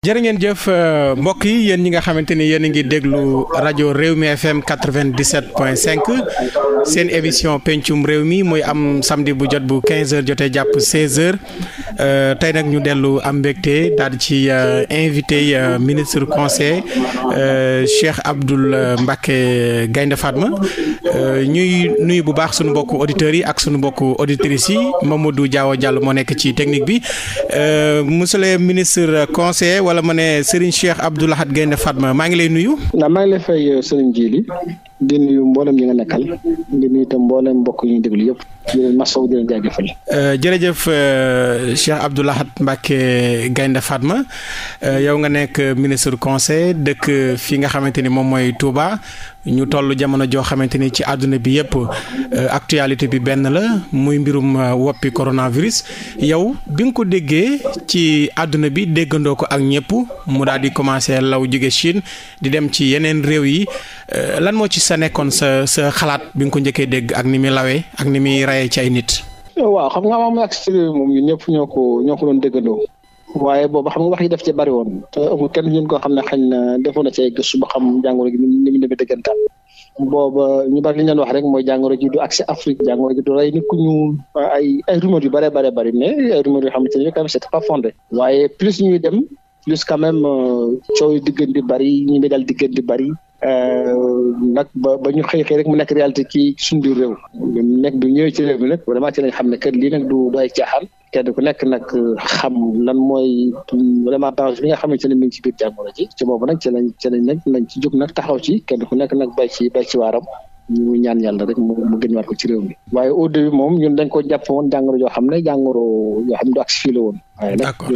jërë ngeen jëf euh, mbokk yi yéen ñi nga xamante ni yéen a ngi déglu rajo réew mi FM 97.5 seen émission pencum réew mi mooy am samdi bu jot bu 15h jotee jàpp 16h euh, tey nag ñu dellu am mbégte daal di ci euh, invité ministre conseil Cheikh Abdoul Mbacké Gaynde Fatma ñuy nuyu bu baax suñu mbokku auditeurs yi ak suñu mbokku auditrices yi Mamadou Diaw jàll moo nekk ci technique bi monsieur le ministre conseil. wala ma ne Serigne Cheikh Abdou Lahad Gaynde Fatma maa ngi lay nuyu. waaw maa ngi lay fay euh, Serigne Djily di nuyu mboolem ñi nga nekkal di nuyu itam mboolem mbokk ñuy ñu déglu yëpp. di leen masaw di leen jaajëfal. Euh, jërëjëf euh, Cheikh Abdou Lahad Mbacké Gaynde Fatma euh, yow nga nekk ministre conseil dëkk fi nga xamante ni moom mooy Touba ñu toll jamono joo xamante ni ci àdduna bi yëpp actualité bi benn la muy mbirum woppi coronavirus yow bi nga ko déggee ci àdduna bi déggandoo ko ak ñëpp mu daal di commencé law jóge Chine di dem ci yeneen réew yi. Euh, lan moo ci sa nekkoon sa sa xalaat bi nga ko njëkkee dégg ak ni muy lawee ak ni muy rayee ci ay nit. waaw xam nga moom accident moom ñun ñëpp ñoo ko ñoo ko doon déggandoo. waaye booba xam nga wax yi def ci bari woon te kenn ñun koo xam ne xañ na defoon na ci ay gëstu ba xam jàngoro gi ni mu demee dëggantaan booba ñu bari li ñu wax rek mooy jàngoro ji du accès Afrique jàngoro ji du rey nit ku ñuul ay ay rumeur yu bëree bëree bari mais ay rumeur yoo xamante ne quand même c'est pas fondé waaye plus ñuy dem plus quand même euh, coow diggante di bari ñi mi dal diggante di bëri Euh, nag ba ba ñu xëy xëy rek mu nekk réalité ci suñu biir réew nekk bi ñëwee ci réew mi nag vraiment ci lañ xam ne kër lii nag du du ay caaxaan kenn ku nekk nag euh, xam lan mooy vraiment danger bi nga xamante ne mi ngi ci biir jàngoro ji ci boobu nag ci lañ ci nag nañ ci jóg nag taxaw ci kenn ku nekk nag bay ci bay ci waaram ñu ñaan yàlla rek mu mu gën waat ko ci réew mi waaye au début moom ñun dañ ko jàpp woon jàngoro joo xam ne jàngoro yoo xam ne du ak fii la woon. d'accord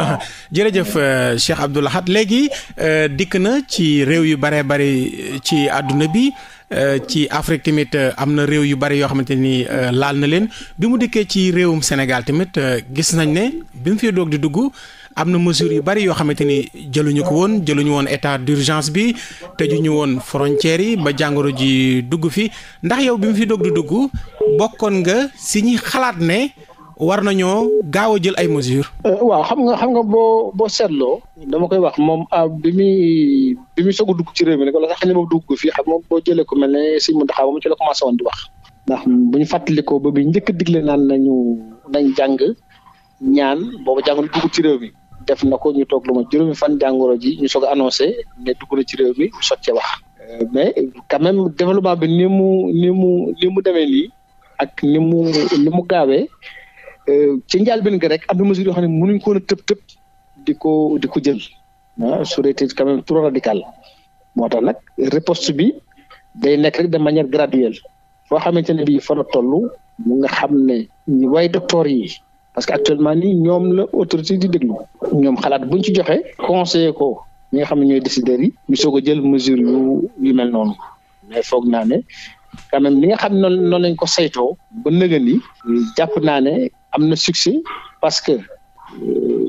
ah, jërëjëf euh, Cheikh Abdou Lahad léegi euh, dikk na ci réew yu bare bari euh, ci àdduna bi. ci Afrique tamit am na réew yu bari yoo xamante ni laal na leen bi mu dikkee ci réewum Sénégal tamit gis nañ ne bi mu fi doog di dugg am na mesures yu bari yoo xamante ni jëluñu ko woon jëluñu woon état d'urgence bi tëjuñu woon frontières yi ba jàngoro ji dugg fi ndax yow bi mu fi dogg du dugg bokkoon nga si ñi xalaat ne war nañoo gaaw a jël ay mesures. Euh, waaw xam nga xam nga boo boo seetloo. dama koy wax moom ah, bi muy bi dugg ci réew mi nag wala sax na moom dugg ko fii xam moom boo jëlee ko mel ne si mu taxaw moom ci la commencé woon di wax. ndax bu ñu fàttalikoo ba bi njëkk a digle naan nañu nañ jàng ñaan boobu jàngul dugg ci réew mi. def na ko ñu toog lu ma juróomi fan jàngoro ji ñu soog annoncé ne dugg na ci réew mi sot ci wax euh, mais quand même développement bi ni mu ni mu ni mu demee ak ni mu ni mu gaawee euh, ci njëlbéen gi rek am na mesure yoo xam ne mënuñ ko woon a di ko di ko jël ah su dee quand moo tax nag riposte bi day nekk rek de manière graduelle foo xamante ne bii fa la toll nga xam ne way docteur yi. parce que actuellement nii ñoom la autorité di déglu ñoom xalaat buñ ci joxe conseiller ko ñi nga xam ne ñooy décideurs yi ñu soog a jël mesure yu yu mel noonu mais foog naa ne quand même li nga xam ne noonu lañ ko saytoo ba nëga ni jàpp naa ne am na succès parce que euh,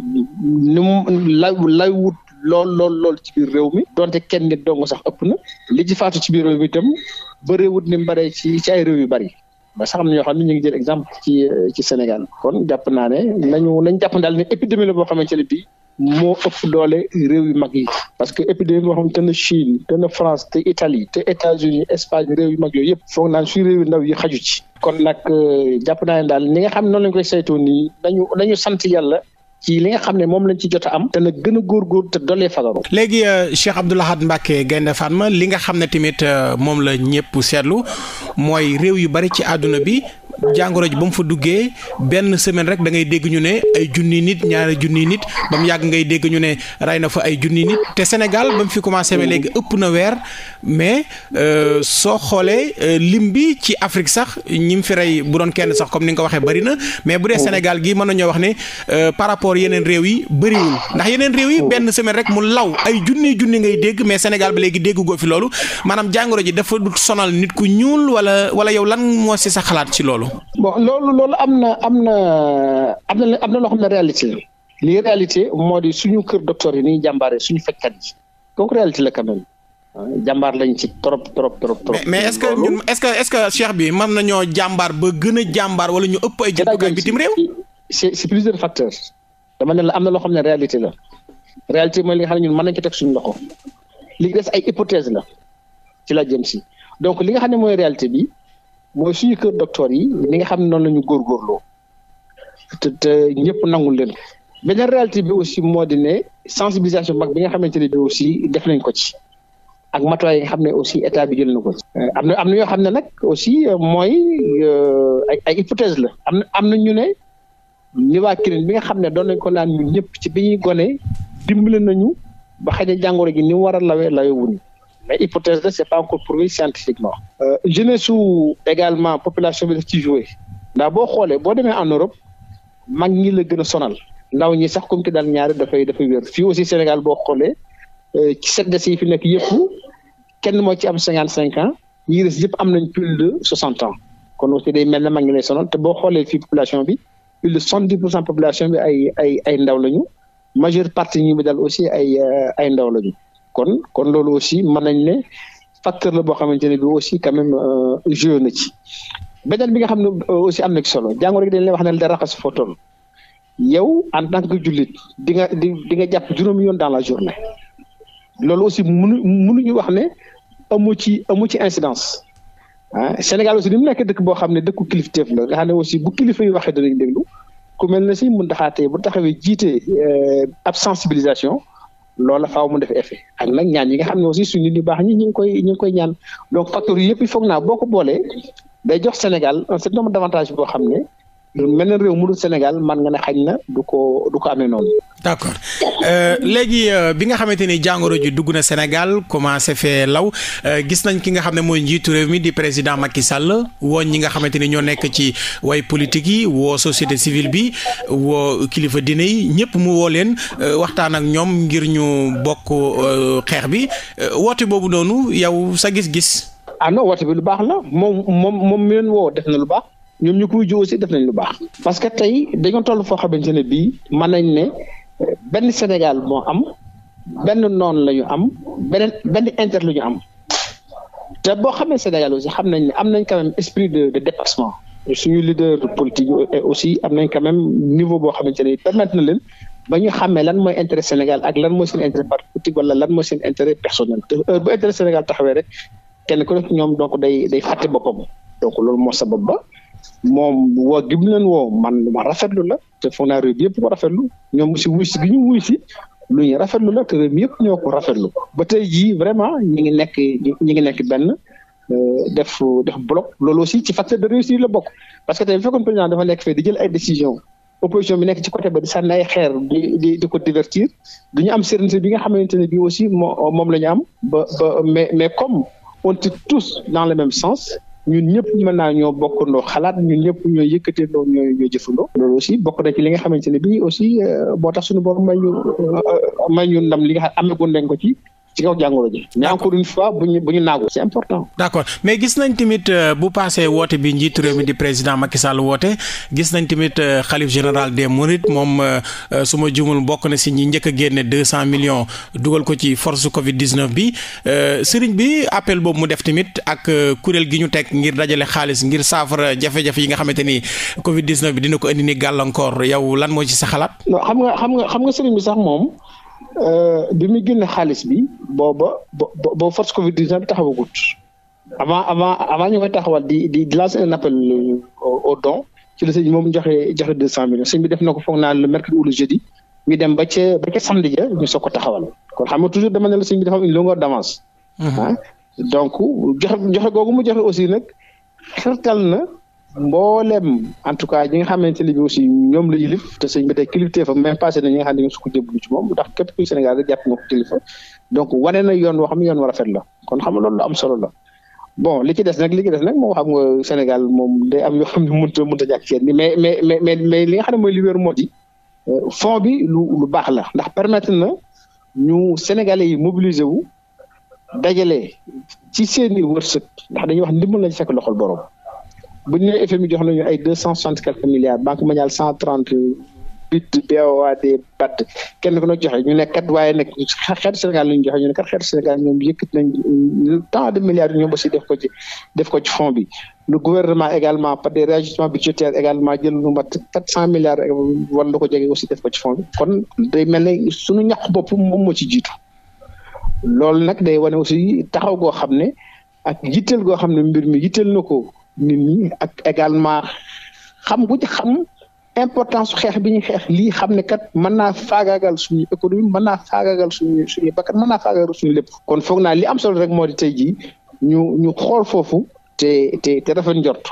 ni mu lay lay wut lool lool lool ci biir réew mi donte kenn nit dong sax ëpp na li ci faatu ci biir réew mi itam bëreewut ni mu baree ci ci ay réew yu bari ba sax am ñoo xam ne ñu ngi jël exemple ci euh, ci Sénégal kon jàpp naa ne nañu nañ jàpp daal ne épidémie la boo xamante ne bii moo ëpp doole réew yu mag yi parce que épidémie boo xam te ne Chine te ne France te Italie te États-Unis Espagne réew yu mag yooyu yëpp foog naan suy réew yu ndaw yi xaju ci kon nag euh, jàpp naa ne daal ni nga xam ne noonu lañ koy saytoo ni nañu nañu sant yàlla ci li nga xam ne moom lañ ci jot a am te la gën a góor te dolee fagaru léegi euh, Cheikh Abdou Lahad Mbacké Gaïndé Fatma li nga xam ne tamit euh, moom la ñëpp seetlu mooy réew yu bari ci àdduna bi jàngoro ji ba mu fa duggee benn semaine rek dangay dégg ñu ne ay junni nit ñaari junni nit ba mu yàgg ngay dégg ñu ne rey na fa ay junni nit te Sénégal ba fi commencé ba léegi ëpp na weer mais euh, soo xoolee euh, lim bi ci Afrique sax ñi mu fi rey bu doon kenn sax comme ni nga ko waxee bëri na mais bu dee Sénégal gi nañoo wax ne euh, par rapport yeneen réew yi bëriwul ndax yeneen réew yi benn semaine rek mu law ay junni junni ngay dégg mais Sénégal ba léegi dégg goo fi loolu maanaam jàngoro ji dafa du sonal nit ku ñuul wala wala yow lan moo si sa xalaat ci loolu. loolu. loolu loolu am na am na am na am na loo xam ne réalité la lii réalité moo di suñu kër docteur yi nii jàmbaare suñu fajkat yi kooku la quand même ah, jàmbaar lañ ci trop trop trop trop. mais est que est-ce est-ce que cheikh bi mën nañoo jàmbaar ba gën a jàmbaar wala ñu ëpp ay jumtukaay bitim réew. c'est c'est plusieurs facteurs dama ne la am na loo xam ne réalité la réalité mooy li nga xam ne ñun mën nañ ko teg suñu loxo li des ay hypothèse la ci la jëm si donc li nga xam ne mooy réalité bi. mooy suñu kër docteur yi li nga xam ne noonu la ñu góorgóorloo te te ñëpp nangul leen beneen réalité bi aussi moo di ne sensibilisation mag bi nga xamante ne bi aussi def nañ ko ci ak matuwaay yi nga xam ne aussi état bi jël na ko euh, am na am na yoo xam ne nag aussi euh, mooy euh, ay ay hypothèse la am na am na ñu ne ni waa Kirène bi nga xam ne doon nañ ko naan ñun ñëpp ci bi ñuy gone dimbale nañu ba xëy na jàngoro gi ni mu war a lawee lawee wuñu mais hypothèse la c'est pas encore prouvé scientifiquement. Euh, jeunesse su également population bi daf ci joué ndax boo xoolee boo demee en Europe mag ñi la gën sonal ndaw ñi sax comme ki daal ñaari dafay dafay wér fii aussi Sénégal boo xoolee euh, ci set des yi fi nekk yëpp kenn moo ci am cinquante cinq ans ñi des yëpp am nañ plus de soixante ans kon aussi day mel ne mag ñi lay sonal te boo xoolee fii population bi plus de soixante dix pour cent population bi ay ay ay ndaw lañu majeure partie ñu bi dal aussi ay euh, ay ndaw lañu. kon kon loolu aussi mën nañ ne facteur la boo xamante ne bi aussi quand même euh, joué na ci beneen bi nga xam ne euh, aussi am na solo jàngoro gi dañ lay wax ne da raxas foo toll yow en tant que jullit di nga di di nga jàpp juróomi yoon dans la journée loolu aussi munu munuñu wax ne amu ci amu ci incidence ah Sénégal aussi ni mu nekk dëkk boo xam ne dëkku kilifteef la nga xam ne aussi bu kilifa yi waxee danañ déglu ku mel ne si mun taxaatee bu taxawee jiitee euh, ab sensibilisation loola faaw mu def effet ak nag ñaan yi nga xam ne aussi suñu nit baax ñi ñu ngi koy ñu ngi koy ñaan donc facteurs yi yëpp foog naa boo ko boolee day jox Sénégal un certain nombre d'avantages boo xam ne meneen réew mu dul Sénégal man nga ne xañ na du ko du ko amee noonu. d'accord euh, léegi euh, bi nga xamante ni jàngoro ji dugg na Sénégal commencé fee law euh, gis nañ ki nga xam ne mooy njiitu mi di président Macky Sall woo ñi nga xamante ni ñoo nekk ci way politique yi woo société civile bi woo kilifa dina yi ñëpp mu woo leen euh, waxtaan ak ñoom ngir ñu bokk euh, xeex bi euh, woote boobu doonu yow sa gis-gis. ah non woote bi lu baax la moom moom moom mi woo def na lu baax. ñoom ñu koy joo si def nañ lu baax. parce que tey dañoo toll foo xamante ne bii mën nañ ne euh, benn Sénégal moo am benn noon la ñu am beneen benn intérêt la ñu am te boo xamee Sénégal aussi xam nañ ne am nañ quand même esprit de de dépassement. suñu leader politique aussi am nañ quand même niveau boo xamante ne permettre na leen ba ñu xàmmee lan mooy intérêt Sénégal ak lan mooy seen intérêt parti politique wala lan mooy seen intérêt personnel te heure bu intérêt Sénégal taxawee rek kenn ku nekk ñoom donc day day fàtte boppam donc lool moo sabab ba moom woo gi mu leen woo man lu ma rafetlu la te fonctionnaire bi yëpp ko rafetlu ñoom si wuy si gi ñu wuy si lu ñu rafetlu la te yëpp ñoo ko rafetlu ba tey jii vraiment ñi ngi nekk ñi ngi nekk benn euh, def def bloc loolu aussi ci facteur de réussite la bokk parce que tey bu fekkoon président dafa nekk fee di jël ay décision opposition bi nekk ci côté ba di sànni ay xeer di di di ko divertir du ñu am sérénité bi nga xamante ne bii aussi moom la ñu am ba mais mais comme on est tous dans le même sens ñun ñëpp mën naa ñoo bokkandoo xalaat ñun ñëpp ñooy yëkkateendoo ñoo ñoo jëfandoo loolu aussi bokk na ci li nga xamante ne bii aussi boo euh, tax suñu borom may ñu euh, may ñu ndam li nga xam amee ko nañ ko ci ci kaw jàngoro ji. mais encore une fois bu ñu bu ñu naagu. c' important. d' accord mais gis nañ tamit euh, bu paasee woote bi njiitu mi di président Macky Sall woote gis nañ tamit euh, xalif général des Mourides moom euh, su ma jumul bokk na si ñi njëkk a génne deux cent millions dugal ko ci force Covid 19 bi sëriñ bi appel boobu mu def tamit ak kuréel gi ñu teg ngir dajale xaalis ngir saafara jafe-jafe yi nga xamante ni Covid 19 bi dina ko indi ni gàllankoor yow lan moo ci sa xalaat. xam nga xam nga xam sax moom. Euh, bi muy génne xaalis bi booba booba force Covid 19 taxawagut avant avant avant ñu koy taxawal di di lancer un appel euh, au don ci la sëñ moom joxe joxe deux cent millions sëñ bi def na ko foog naa le mercredi ou le jeudi ñu dem ba ca ba ca ja ñu soog ko taxawal kon xam nga toujours dama ne la sëñ bi dafa am une longueur d'avance. Mhm. Ah, donc joxe joxe mu joxe aussi nag xirtal na. mboolem en tout cas ñi nga xamante ne bi aussi ñoom la yilif te sëñ bi tey kilifte fa même passé na xam ne ñoom su ko jëblu ci moom ndax képp kuy Sénégal rek jàpp nga ko kilifa donc wane na yoon woo xam ne yoon war rafet la kon xam nga loolu lu am solo la bon li ci des nag li ci des nag moom xam nga Sénégal moom day am yoo xam ne mënta mënta ñàkk seen ni mais mais mais mais li nga xam ne mooy li wér moo euh, bi lu lu baax la ndax permettre na ñu Sénégalais yi mobiliser wu dajale ci seen i wërsëg ndax dañuy wax ndimbal lañ fekk loxol borom bu ñu nee FMI jox nañu ay deux cent milliards banque mondiale cent trente huit BOAD BAD kenn ku nekk joxe ñu ne kat waaye nag xeetu Sénégal la ñu joxe ñu ne kat xeetu Sénégal ñoom yëkkat nañ tant milliards ñoom aussi def ko ci def ko ci fonds bi. le gouvernement également par des réajustements budgétaires également jël lu mat quatre cent milliards war na ko jege aussi def ko ci fonds kon day mel ne suñu ñàkk bopp moom moo ci jiitu loolu nag day wane aussi taxaw goo xam ne ak yitteel goo xam ne mbir mi yitteel na ko. nit ñi ak également xam bu ci xam importance xeex bi ñuy xeex lii xam ne kat mën naa faagaagal suñu économie mën naa faagaagal suñu suñu bakkat mën naa faagaagal suñu kon foog naa li am solo rek moo di tey jii ñu ñu xool foofu te te te rafet njort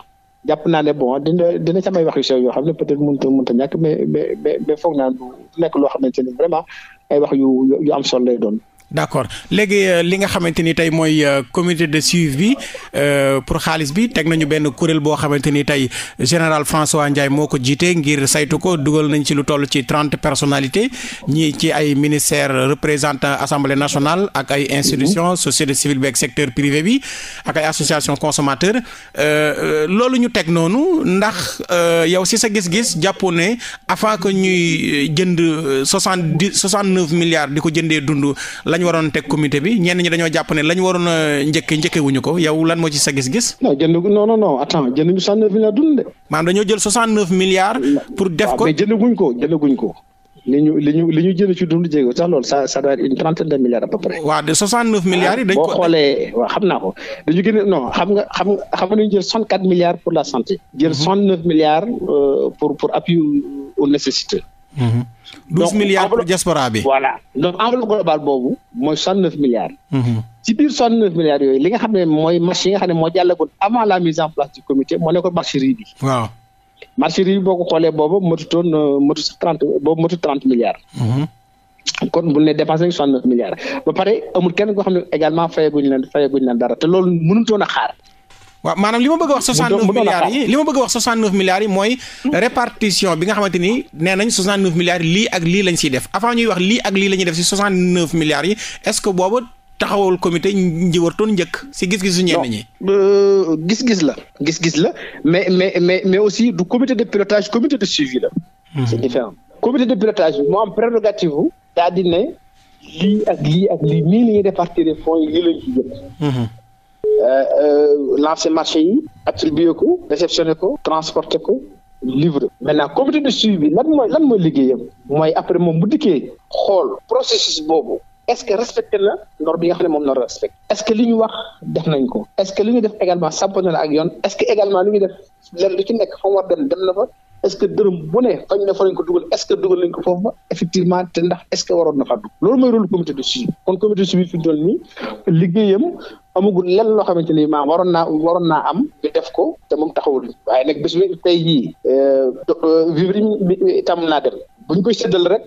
jàpp naa ne bon dina dina samay wax yu sew yoo xam ne peut-être mënut a mënut a ñàkk mais mais naa du nekk loo xamante ne vraiment ay wax yu yu am solo lay doon. d' accord léegi euh, li nga xamante ni tey mooy euh, comité de bi euh, pour xaalis bi teg nañu benn kuréel boo xamante ni tey général François Ndiaye moo ko jiite ngir saytu ko dugal nañ ci lu toll ci trente personnalités ñi ci ay ministères représentants assemblée nationale ak ay institutions société civile bi ak secteur privé bi ak ay association consommateur loolu ñu teg noonu ndax yow si sa gis-gis jàppoon ne avant que ñuy jënd soixante dix soixante neuf milliards di ko jëndee dund la lañ waroon teg comité bi ñenn ñi dañoo jàpp ne lañ waroon a njëkke njëkke wuñu ko yow lan moo ci sa gis-gis. non jënd non non non attends dañoo jël milliards. pour def ko ah, mais jëndaguñ ko jëndaguñ ko. li ñu li ñu li ñu jënd ci dund jéego sax loolu ça ça doit ko boo xam a xam xam nga xam nañu jël 64 milliards pour la santé. jël mhm. milliards euh, pour appui aux nécessités. Mhm. douze milliards pour diaspora bi. voilà donc enveloppe globale boobu mooy soixante neuf milliards. Mhm. ci biir soixante neuf milliards yooyu li nga xam ne mooy marché yi xam ne moo jàllagoon avant la mise en place du comité moo nekkoon marché riz bi. waaw marché boo ko xoolee boobu matutoon euh, matu sax trente boobu matu trente milliards. Mhm. kon bu ne dépensé nañ neuf milliards ba pare amul kenn koo xam ne également fayaguñ leen fayaguñ dara te loolu mënutoon a xaar. waaw maanaam li ma bëgg a wax. soixante neuf milliards yi li ma bëgg a wax soixante yi mooy. répartition bi nga xamante ni nee nañ soixante neuf milliards lii ak lii lañ siy def avant ñuy wax lii ak lii la ñuy def si soixante neuf milliards yi est-ce que boobu taxawal comité ñi wartoon njëkk si gis-gisu ñenn ñi. Euh, gis-gis la. gis-gis la mais mais mais mais aussi du comité de pilotage comité de suivi la. Hmm. c'est de pilotage bi moo am prérogative bu. daa lii ak lii ak lii nii la ñuy lii lañ ci jël. Hmm. Euh, euh, lancer marché yi attribuer ko réceptionner ko transporter ko livre maintenant comité de suivi bi lan mooy lan mooy liggéeyam mooy après moom bu dikkee xool processus boobu est-ce que respecté na norme bi nga xam ne moom la respecté est-ce que li ñu wax def nañ ko est-ce que li ñu def également sàmpoon na ak yoon est-ce que également li ñu def lenn lu nekk fa war dem dem na fa est-ce que dërëm bu ne fañ ne fa lañ ko dugal est-ce que dugal nañ ko foofu ba amagul lenn loo xamante ni maam waroon naa waroon naa am ñu def ko te moom taxawul waaye nag bés bi tey jii euh, dem bu koy séddal rek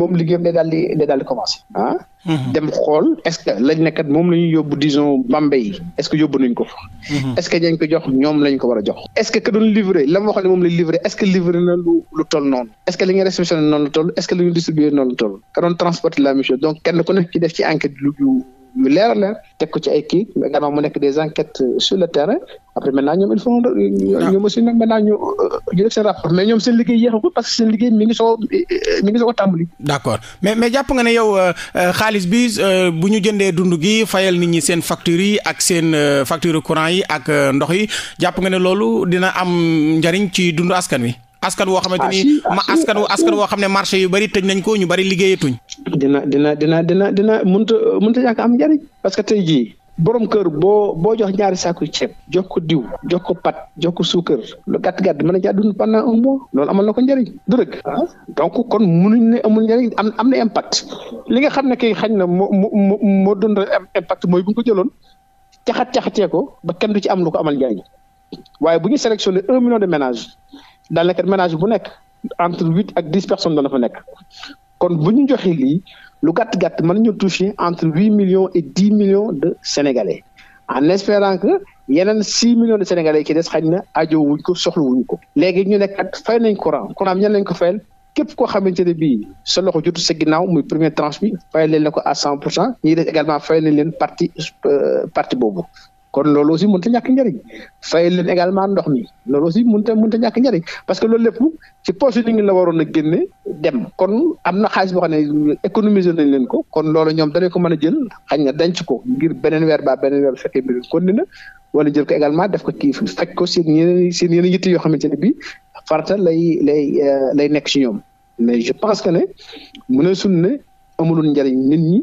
moom liggéeyam day daal di daal di commencé ah. Mhm. dem xool est-ce que lañ ne kat moom la ñuy yóbbu disons Bambey est-ce que yóbbu nañ ko mhm. est-ce que ñoom lañ ko war a jox. est-ce que ka doon livré la ma wax ne moom lay livré est-ce que livré na lu lu toll est-ce que li nga restitué lu toll est transporter la mission donc kenn ku nekk ci def ci enquête yu leer a leer ko ci ay kii gannaaw mu nekk des enquêtes sur le terrain après maintenant ñoom il faut ñoom ah. aussi nag maintenant ñu ñu euh, def seen rapport mais ñoom seen liggéey yéexagul parce que seen liggéey mi ngi soog mi ngi soog a tàmbali. mais mais jàpp nga ne yow euh, euh, xaalis bi bu ñu jëndee dund gi fayal nit ñi seen factures yi ak seen facture courant yi ak ndox yi jàpp nga ne loolu dina am njariñ ci dundu askan wi. askan woo xamante ah, ni ah, ma askan ah, askan woo xam ne marché yu bari tëj nañ ko ñu bari liggéeyatuñ. dina dina dina dina dina mënut a mënut a ñàkk am njariñ parce que tey jii. borom kër boo boo jox ñaari saaku ceeb jox ko diw jox ko pat jox ko suukar lu gàtt gàtt mën a jaa dund pendant un mois loolu amal na ko njëriñ du rëgg donc kon munuñ ne amul njëriñ am am na impact li nga xam ne kay xañ na moo moo moo dund impact mooy bu ko jëloon caxat caxatee ko ba kenn du ci am lu ko amal njëriñ waaye bu ñu sélectionné un million de ménages dal daanaka ménage bu nekk entre huit ak dix personnes dana fa nekk kon bu ñu joxee lii lu gàtt gàtt mën nañu toucher entre huit millions et dix millions de sénégalais en espérant que yeneen six millions de sénégalais ci des xaj na ajo wuñ ko soxla wuñ ko. léegi ñu nekkat fay nañ courant courant bi ñan lañ ko fayal képp koo xamante ne bii sa loxo jotu sa ginnaaw muy première tranche bi fayal leen ko à cent pour cent ñii des également nañ leen partie euh, partie boobu kon loolu aussi mënut a ñàkk njëriñ fay leen également ndox mi loolu aussi mënut a mënut a ñàkk njëriñ parce que loolu lépp ci poche ni ngi la waroon a génne dem kon am na xaalis boo xam ne économiser nañ leen ko kon loolu ñoom danañ ko mën a jël xañ na denc ko ngir beneen weer baa beneen weer bu fekkee mbir kon na wala jël ko également def ko kii faj ko seen yeneen seen yeneen yitte yoo xamante ne bii farata lay lay euh, lay nekk si ñoom mais je pense que ne mën a suñ ne amulul njëriñ nit ñi.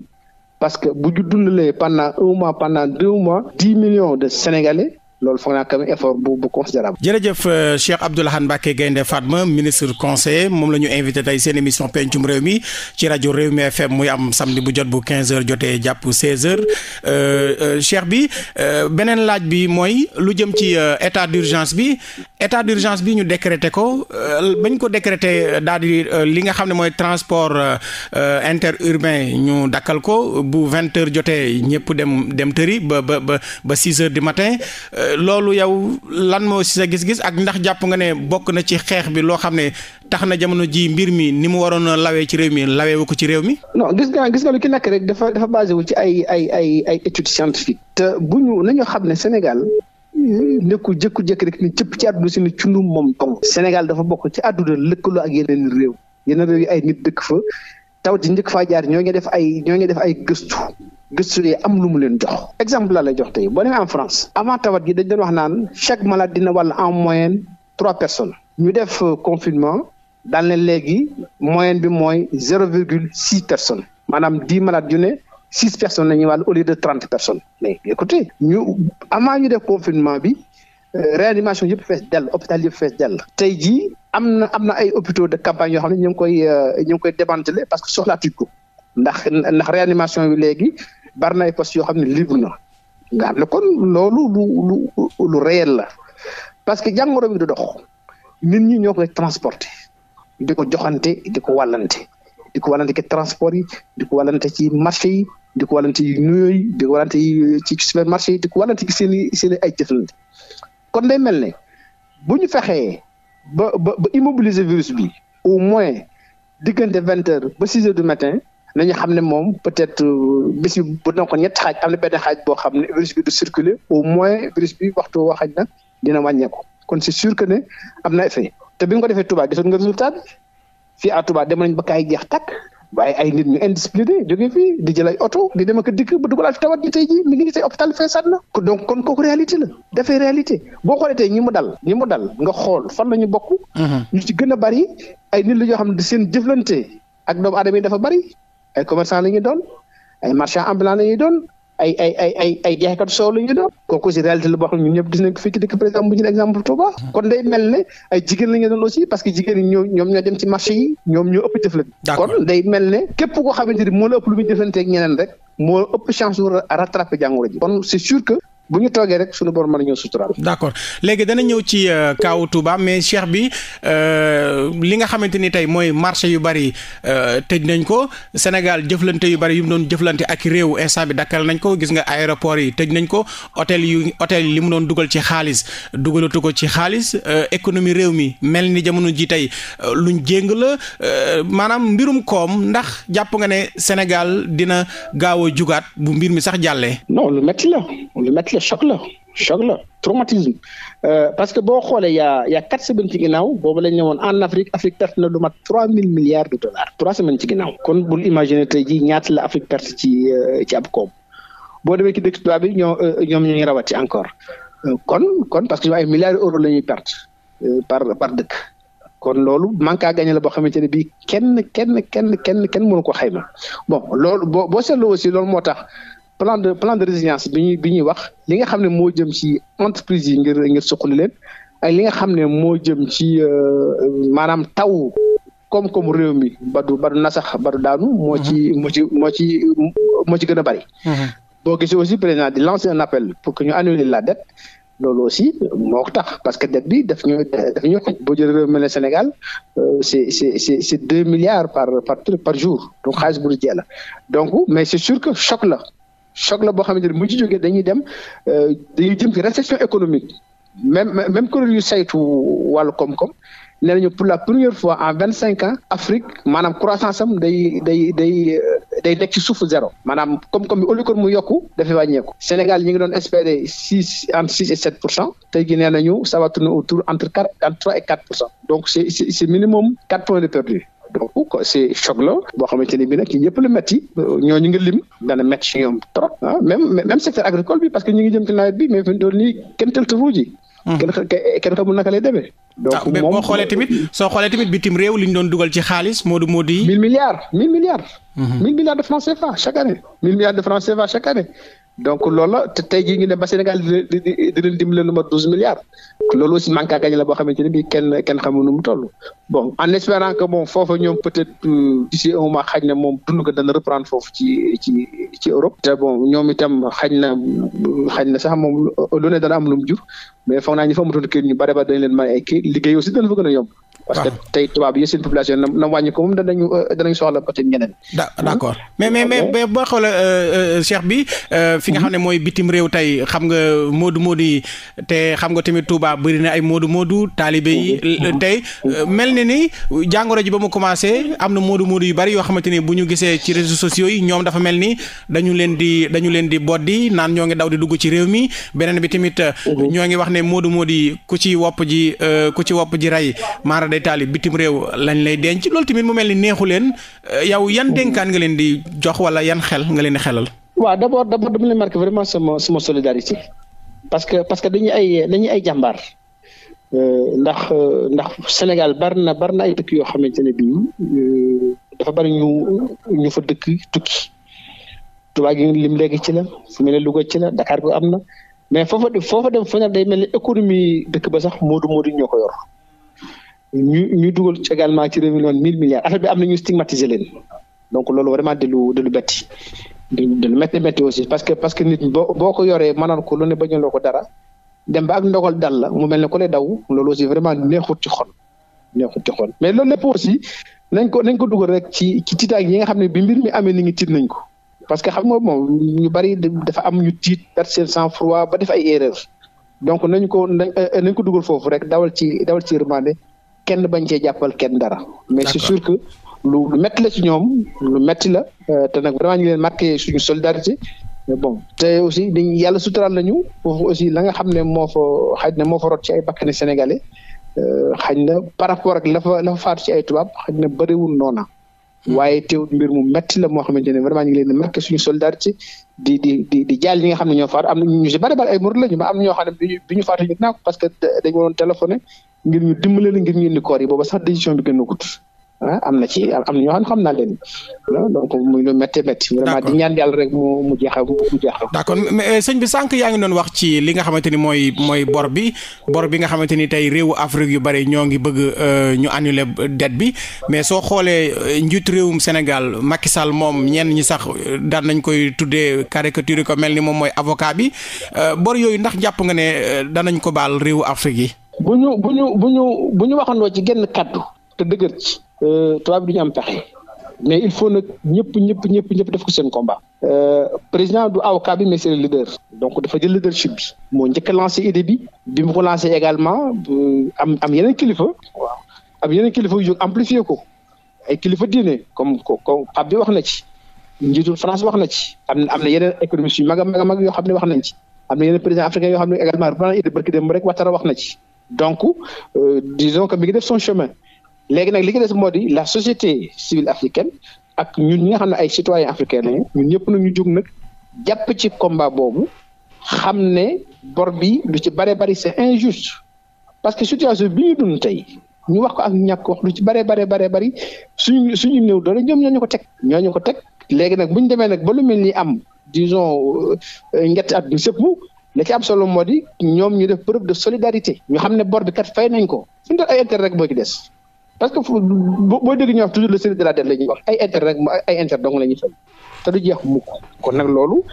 parce que bu ñu dundalee pendant un mois pendant deux mois dix millions de Sénégalais loolu foog naa quand même effort bu bu considérable. jërëjëf euh, Cheikh Abdou Lahad Mbacké Gaïndé Fatma ministre conseiller moom la ñu invité tey seen émission pencum réew mi ci rajo réew mi FM muy am samedi bu jot bu 15h jotee jàpp 16h euh, euh, Cheikh bi beneen laaj bi mooy lu jëm ci état d'urgence bi état d'urgence bi ñu décrété ko bañ ko décrété daal li nga xam ne mooy transport inter interurbain ñu dakkal ko bu 20 jotee ñëpp dem dem tëri ba ba ba 6h du matin. loolu yow lan moo si sa gis-gis ak ndax jàpp nga ne bokk na ci xeex bi loo xam ne tax na jamono ji mbir mi ni mu waroon a lawee ci réew mi lawee wu ko ci réew mi. non gis gaa gis nga ki nekk rek dafa dafa basé wu ci ay ay ay ay études scientifiques. te bu ñu xam ne Sénégal. nekkul jëkk jëkk rek cëpp ci àdduna si ne cunu moom tong Sénégal dafa bokk ci àdduna lëkkaloo ak yeneen réew yeneen réew yi ay nit dëkk fa taw di njëkk faa jaar ñoo ngi def ay ñoo ngi def ay gëstu gëstu yi am lu mu leen jox exemple la lay jox tey boo demee en France avant tawat gi dañ doon wax naan chaque malade dina wala en moyenne trois personnes ñu def euh, confinement daal ne léegi moyenne bi mooy zéro virgule six personnes maanaam dix malades yu ne six personnes la ñuy wàll au lieu de trente personnes mais écoutez ñu avant ñu def confinement bi euh, réanimation yëpp fees dell hôpital yëpp fees dell tey jii am na am na ay hôpitaux de campagne yoo xam ne ñu ngi koy euh, ñu ngi koy démantelé parce que soxlaatuñ ko ndax ndax réanimation bi léegi bari na ay postes yoo xam ne libre na nga xam ne kon loolu lu lu lu réel la parce que jàngoro bi du dox nit ñi ñoo koy transporter di ko joxante di ko wàllante di ko wàllante transport yi di ko wàllante ci marché yi di ko wàllante yi walante yi di ko wàllante yi ci supermarché yi di ko wàllante ci seen i seen ay jëflante kon day mel ne bu ñu fexee ba ba ba virus bi au moins diggante vingt heures ba six de du matin. nañu xam ne moom peut-être euh, bis bi bu nekkoon ñetti xaaj am na benn xaaj boo xam ne virus bi du circuler au moins virus bi waxtu woo na dina wàññeeku kon c'est sûr que ne am na effet te bi nga ko defee Touba gisoon nga résultat bi fii à Touba dem nañ ba kaay jeex takk waaye ay ñu indiscipliné jógee di jël ay oto di dem ak dikk ba tey ji mi ngi ni tey hôpital feesaat na ko donc kon kooku réalité la dafay réalité boo xoolee tey ñi mu dal ñi dal nga xool fan la ñu bokk mhm. ñu ci gën a bari ay nit la ñoo xam ne seen jëflante ak doomu aadama yi dafa bari ay commerçant la ñuy doon ay marchand ambulant la ñuy doon ay ay ay ay ay jeexkat soow la ñuy doon kooku aussi réalité la boo xam ne ñun ñëpp gis nañ ko fii ci dëkk par exemple bu ñu exemple Touba hmm. kon day mel ne ay jigéen la ñu doon aussi parce que jigéen ñi ñoo ñoom ñoo dem ci marché yi ñoom ñoo ëpp jëflante kon day mel ne képp koo xamante ni moo la ëpp lu muy jëflante ak ñeneen rek moo ëpp chance wu rattrapé jàngoro ji kon c'est sûr que bu ñu toogee rek suñu bor mën ñoo suturaal. d' accord léegi dana ñëw ci euh, kaw Touba mais cheikh bi euh, li nga xamante ni tey mooy marché yu bari euh, tëj nañ ko Sénégal jëflante yu bari yu mu doon jëflante ak réew instant bi dakkal nañ ko gis nga aéroport yi tëj nañ ko hôtel yu hôtel yi li mu doon dugal ci xaalis dugalatu ko ci xaalis économie réew mi mel ni jamono ji tey luñ jéng la maanaam mbirum koom ndax jàpp nga ne Sénégal dina gaaw a jugaat bu mbir mi sax jàllee. non lu la choc la choc la traumatisme euh, parce que boo xoolee yaa ci ginnaaw boobu lañ woon en Afrique Afrique perte na lu mat trois mille milliards de dollars trois semaines ci kon bul imaginer tey jii ñaata la Afrique ci euh, ci ab koom boo demee ci dëkk tubaab bi ñoo euh, ñoom ñu ngi rawati encore kon kon parce que ay milliards d'euros la ñuy perte par par dëkk kon loolu manque à gagner boo xamante ne bii kenn kenn kenn kenn kenn mënu ko xayma bon loolu boo boo seetloo loolu moo tax. plan de plan de résilience bi ñuy bi ñuy wax li nga xam ne moo jëm ci entreprise yi ngir ngir suqali leen ak li nga xam ne moo jëm ci euh, maanaam taw koom-koomu réew mi ba du ba du nasax ba du daanu. moo ci mhm. moo ci moo ci moo ci gën a bari. Mhm. boo gisee aussi président di lancer un appel pour que ñu annuler la dette loolu aussi moo tax parce que dette bi daf ñu daf boo jëlee réew mel ne Sénégal euh, c'est c'est c'est c'est deux milliards par par par jour donc xaalis bu du jeex la donc mais c'est sûr que choc la. choc la boo xamante ni bu ñu ci jógee dañuy dem euh, dañuy jëm ci récession économique même même kuréel saytu wàllu koom-koom nee nañu pour la première fois en vingt cinq ans Afrique maanaam croissance am day day day euh, day nekk ci suufu zéro maanaam koom-koom bi au lieu mu yokku dafay wàññeeku. Sénégal ñu ngi doon espérer six entre six et sept pour cent tey jii nee nañu ça va tourner autour entre quatre entre trois et quatre pour cent donc c'est c'est minimum quatre points de perdu. donc c'est choc la boo xamante ni bi nag ñëpp la métti ñooñu nga lim dana métti si ñoom trop ah secteur agricole bi parce que ñu ngi jëm ci nawet bi mais fi mu kenn tël tëru hmm. kenn kenn naka lay demee. donc ah, moom boo xoolee tamit soo xoolee tamit bitim réew li ñu doon dugal ci xaalis moodu moodu yi. mille milliards mille milliards. Hmm. mille milliards de francs CFA chaque année. mille milliards de francs CFA chaque année. donc loolu la te tey jii ñu ne ba Sénégal di di leen dimbale lu mat douze milliards loolu aussi manque à gagner la boo xamante ne bii kenn kenn xamul nu mu toll bon en espérant que moom foofa ñoom peut-être euh, d'ici un moment xaj na moom dund ko dana reprendre foofu ci ci ci Europe. te bon ñoom itam xañ na xaj na sax moom lu ne dana am lum mu jur mais foog naa ñi fa amatoon kayit ñu bare ba dañ leen may ay kayit liggéey a yomb parce tubaab yi seen euh, ah. accord mais mais mais boo xoolee euh, euh, Cheikh bi fi nga mhm. xam ne mooy bitim réew tey xam nga moodu moodu yi te xam nga tamit Touba bëri na ay moodu moodu taalibe yi mhm. Mhm. tey mel na ni jàngoro ji ba mu commencé am na moodu moodu yu bari yoo xamante ni bu ñu gisee ci réseaux sociaux yi ñoom dafa mel ni dañu leen di dañu leen di boddi naan ñoo ngi daw di dugg ci réew mi beneen bi tamit ñoo ngi wax ne moodu moodu yi ku ci wopp ji euh, ku ci wopp ji rey maara day taali bitim réew lañ lay denc loolu tamit mu mel ni neexu leen euh, yow yan dénkaan nga leen di jox wala yan xel nga leen di xelal. waaw d'abord d'abord dama leen marqué vraiment suma sama solidarité parce que parce que dañuy ay dañu ay jàmbaar euh, ndax ndax Sénégal bari na bari na ay dëkk yoo xamante ne bii dafa bari ñu ñu fa dëkk tukki Tuubaa gi lim léegi ci la fu mu ne Louga ci la Dakar bi am na mais foofa foofa dem fa day mel ni économie dëkk ba sax moodu moodu ñoo ko yor ñu ñu dugal également ci réew mi noonu mille milliards affaire bi am na ñu stigmatiser leen donc loolu vraiment di lu di lu betti di aussi parce que parce que nit boo boo ko yoree mënoon ko lu ne bañaloo ko dara dem ba ak ndogal dal la mu mel ne ku lay daw loolu aussi vraiment neexut ci xol neexut ci xol mais loolu lépp aussi nañ ko nañ ko dugal rek ci ci tiitaay yi nga xam ne bi mbir mi amee ni ngi tiit nañ ko. parce que xam nga moom ñu bari dafa am ñu tiit perte seen sang froid ba def ay erreur donc nañ ko nañ euh, euh, ko dugal foofu rek dawal ci dawal ci remandé kenn bañ cee jàppal kenn dara. mais c'est sûr que lu métti la ci ñoom lu métti la euh, te nag vraiment ñu leen marqué solidarité. te aussi dañ yàlla suturaal nañu foofu aussi la nga xam ne moo fa xaj na moo fa rot ci ay bakkani sénégalais xañ na par rapport ak la fa la ci ay tubaab xañ na bëriwul noona Hmm. waaye tew mbir mu metti la moo xamante ne vraiment ñu ngi leen di marqué suñu di di jaal ñi nga xam ne ñoo faatu na ñu si bari bari ay murid lañu ma am na parce que dañu waroon téléphoné ngir ñu dimbale la ngir ñu indi yi booba sax décision bi gën Ah, am na ci am na ñoo xam xam naa leen ah, donc muy lu métti métti. vraiment di ñaan mu mu jeexa mu jeexa. d'accord sëñ bi sànq yaa ngi doon wax ci li nga xamante ni mooy mooy bor bi bor bi nga xamante ni tey réewu Afrique yu bari ñoo ngi bëgg euh, ñu annuler dette bi mais soo xoolee euh, njiitu réewum Sénégal Macky Sall moom ñenn ñi sax euh, daan nañ koy tuddee caricature ko mel ni moom mooy avocat bi bor yooyu ndax jàpp nga ne nañ ko baal réewu Afrique yi. bu ñu bu ñu bu ñu bu ñu waxandoo ci genn kàddu te dëgër ci. Euh, tubaab bi du ñu am pexe mais il faut nag ñëpp ñëpp ñëpp ñëpp def ko seen combat. Euh, président du aw bi mais c'est le leader donc dafa jël leadership bi moo njëkk a lancé idée bi bi mu ko lancé également am am yeneen kilifa. waaw am yeneen kilifa yu jóg ko ay kilifa diine comme comme wax na ci njiitul France wax na ci am am yeneen économistes yu mag a mag a mag yoo xam ne wax nañ ci am na yeneen président africain yoo xam ne également reprendre idée barki dem rek Ouattara wax na ci donc euh, disons que mi ngi def son chemin. léegi nag li nga des moo di la société civile africaine ak ñun ñi nga xam ne ay citoyens africains lañu ñun ñëpp nag ñu jóg nag jàpp ci combat boobu xam ne bor bi lu ci bare bari c'est injuste parce que situation bi ñu dund tey ñu wax ko ak ñàkk wax lu ci bare bare bare bari suñu suñu néew doole ñoom ñoo ñu ko teg ñoo ñu ko teg léegi nag bu ñu demee nag ba lu mel ni am disons euh, ñetti at bi sëpp la ci am solo moo di ñoom ñu def preuve de solidarité ñu xam ne bor bi kat fay nañ ko suñu def ay rek moo ci des parce que boo dégg ñu wax toujours le service de la dette la ñuy wax ay intérêt rek ay intérêt dong la ñuy fay te kon nag loolu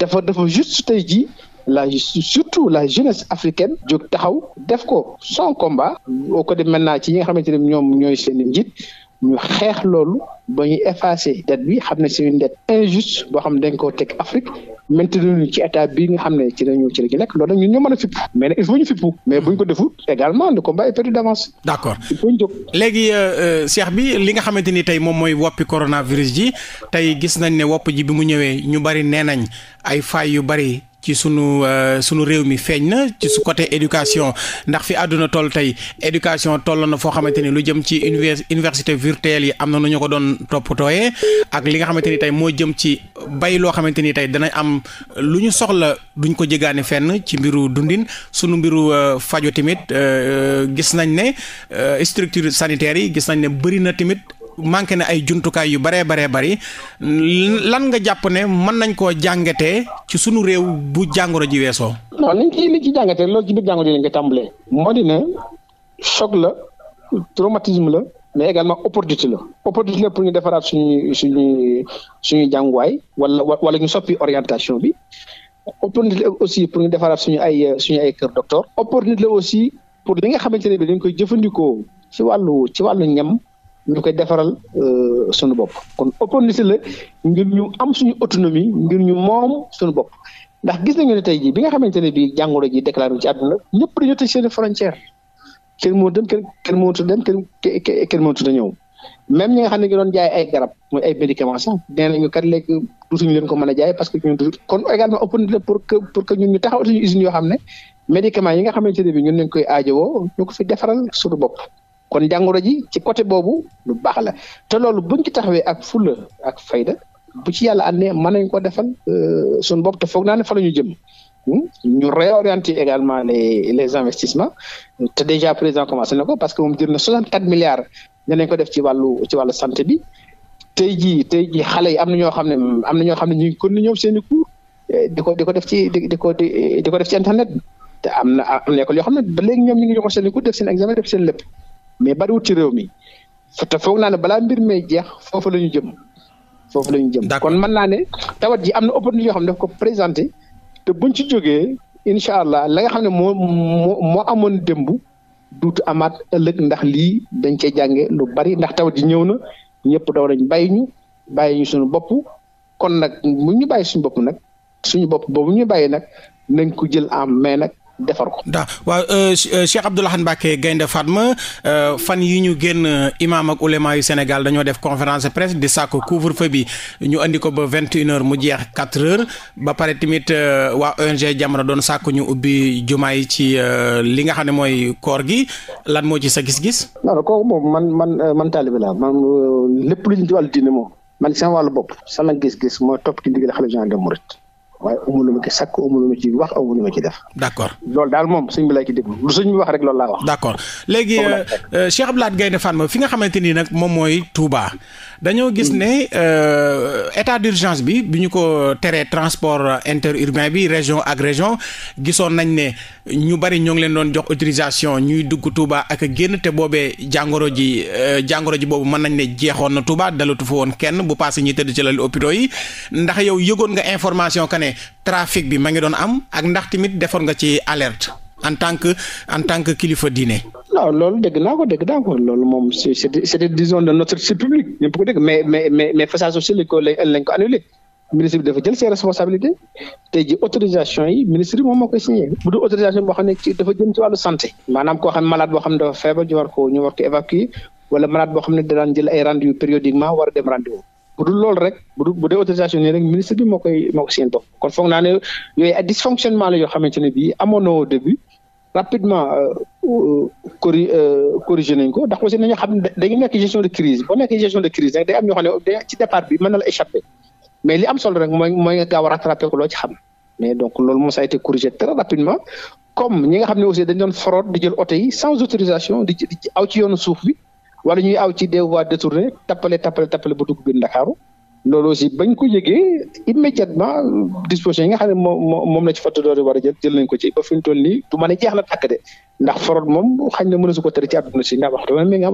dafa dafa juste tey jii la surtout la jeunesse africaine jóg taxaw def ko sans combat boo ko def maintenant ci yi nga xamante ne ñoom ñooy seen njiit ñu xeex loolu ba ñu effacer dette bi xam ne c'est une dette injuste boo xam ne dañ koo teg Afrique maintenir ñu ci état bi nga xam ne ci na lañu ci la ñu nekk loolu nag ñun ñoo mën a fipp mais nag il faut ñu fippu mais buñ ko defut également le combat est perdu d'avance. d'accord il faut ñu jóg. léegi euh, euh, Cheikh bi li nga xamante ni tey moom mooy woppi coronavirus ji tey gis nañ ne wopp ji bi mu ñëwee ñu bari nee nañ ay faay yu bari. ci sunu euh, sunu réew mi feeñ na ci su côté éducation ndax fi àdduna toll tey éducation toll na foo xamante ni lu jëm ci université virtuelle yi am na nu ñu ko doon toppatooyee ak li nga xamante ni tey moo jëm ci bay loo xamante ni tey dana am lu ñu soxla duñ ko jëgaane fenn ci mbiru dundin sunu mbiru euh, fajo tamit euh, gis nañ ne structure sanitaire yi gis nañ ne bëri na tamit manqué na ay jumtukaay yu baree baree bari lan nga jàpp ne mën nañ koo jàngatee ci sunu réew bu jàngoro ji weesoo. non liñ ci jàngatee loolu ci biir jàngoro ji lañ ko tàmbalee. moo di ne choc la traumatisme la. mais également opportunité la opportunité pour ñu defaraat suñu suñu suñu jànguwaay wala wala ñu soppi orientation bi opportunité la aussi pour ñu defaraat suñu ay suñu ay kër docteur opportunité la aussi pour li nga xamante ne bi dañ koy jëfandikoo ci wàllu ci wàllu ñam ñu koy defaral euh, sunu bopp kon opportunité la ngir ñu am suñu autonomie ngir ñu moom suñu bopp ndax gis nañu ne tey jii bi nga xamante ne bii jàngoro ji déclaré ci àdduna ñëpp dañoo tëj seen frontière kenn moo mootu dem kenn kenn mootu da ñëw même ñi nga xam ne ngi doon jaay ay garab mooy ay médicaments sax nee nañu kat léegi dutuñu leen ko mën a jaay parce que ñun kon également opportunité la ñu taxaw suñu usines yoo xam ne médicaments yi nga xamante ne bii ñun lañ koy aajowoo ñu ko fi defaral suñu bopp kon jàngoro ji ci côté boobu lu baax la te loolu buñ ci taxawee ak fulla ak fayda bu ci yàlla àndee mën nañ ko defal euh, suñu bopp te foog naa ne fa la ñu jëm hmm? ñu réorienter également les les investissements te déjà président commencé na ko parce que moom jël na 64 milliards dinañ ko def ci wàllu ci wàllu santé bi tey jii tey jii xale yi am na ñoo xam ne am na ñoo xam ne ñu kon ñëw seen i cours eh, di ko di ko def ci di di ko def ci internet te am na am yoo xam ne ba léegi ñoom ñu ngi joxoon seen i cours def seen examen def seen lépp. mais bariwut ci réew mi te foog naa ne balaa mbir may jeex foofu la ñu jëm foofu la ñu jëm kon mën naa ne tawat ji am na opportunité yoo xam ne daf ko présenté te buñ ci jógee incha allah la xam ne moo moo moo amoon démb duutu amaat ëllëg ndax lii dañ cee jànge lu bari ndax tawat ji ñëw na ñëpp daw nañ bàyyi ñu bàyyi ñu suñu bopp kon nag bu ñu bàyyi suñu bopp nag suñu bopp boobu ñu bàyyi nag nañ ko jël en main nag defar ko. daa waaw euh, euh, Cheikh Abdou Lahad Mbacké Gaynde Fatma euh, fan yi ñu génn imaam ak ulema Sénégal dañoo def conférence de di sàkk couvre-feu bi ñu andi ko ba vingt une heures mu jeex quatre heures ba pare tamit waa ONG Jamra doon sàkk ñu ubbi jumaa yi ci li nga xam ne mooy koor gi lan moo ci sa gis-gis. non kooku moom man man man taalibe laa man lépp lu ñu ci wàllu diine moom man sama wàllu bopp sama gis-gis moo topp ci ndigal xalifa général des mourides waaye amul lu ma ci sakk amul lu ma ci wax amul lu ma ci def. d' accord loolu daal moom sëñ bi laa ci déglu lu bi wax rek loolu laa wax. d' accord léegi euh, euh, Cheikh Abdou Lahad Gaïndé Fatma fi nga xamante ni nag moom mooy Touba. dañoo gis ne euh, état d'urgence bi bu ñu ko teree transport inter interurbain bi région ak région gisoon nañ ne ñu bari ñoo ngi leen doon jox autorisation ñuy dugg Touba ak génn te boobee jàngoro ji euh, jàngoro ji boobu mën nañ ne jeexoon na Touba dalatu fa woon kenn bu passé ñi tëdd ci lal hôpitaux yi ndax yow yëgoon nga information que ne trafic bi ma ngi doon am ak ndax tamit defoon nga ci alerte. en tant que en tant que kilifa diine. waaw loolu dégg naa ko dégg naa loolu moom c' est c' est disons de notre république ñëpp ko dégg mais mais mais mais façade ko lañ ko annulé ministre dafa jël ses responsabilités tey ji autorisation yi ministre bi moom moo koy bu dul autorisation boo xam ne dafa jëm ci wàllu santé. maanaam koo xam ne malade xam ne dafa feebar ñu war ko ñu war ko évacuer wala malade boo xam ne daan jël ay rendez-vous périodiquement war a dem rendez bu lool loolu rek bu dul bu dee autorisation nii rek ministre bi moo seen bopp kon foog yoo xamante ne na au début rapidement euh, euh, corri euh, corrigé nañ ko xam ne dañu gestion de crise boo nekk gestion de crise nag am ñoo ne ci départ bi mën na la échappé mais li am solo rek mooy mooy nga gaaw a rattrapé loo xam mais donc loolu moom ça a été corrigé très rapidement comme ñi xam ne aussi dañ doon fraude di jël oto yi sans autorisation di aw ci yoonu suuf bi wala ñuy aw ci des voies détournées tappale tappale tappale ba dugg biir Ndakaaru loolu aussi bañ ko yëgee immédiatement disposition nga xam ne moom moom la ci forte doole war a jël jël nañ ko ci fi ñu toll nii du mën a de ndax forot moom xañ na mën a su ko tere ci àdduna si nga waxtu mi nga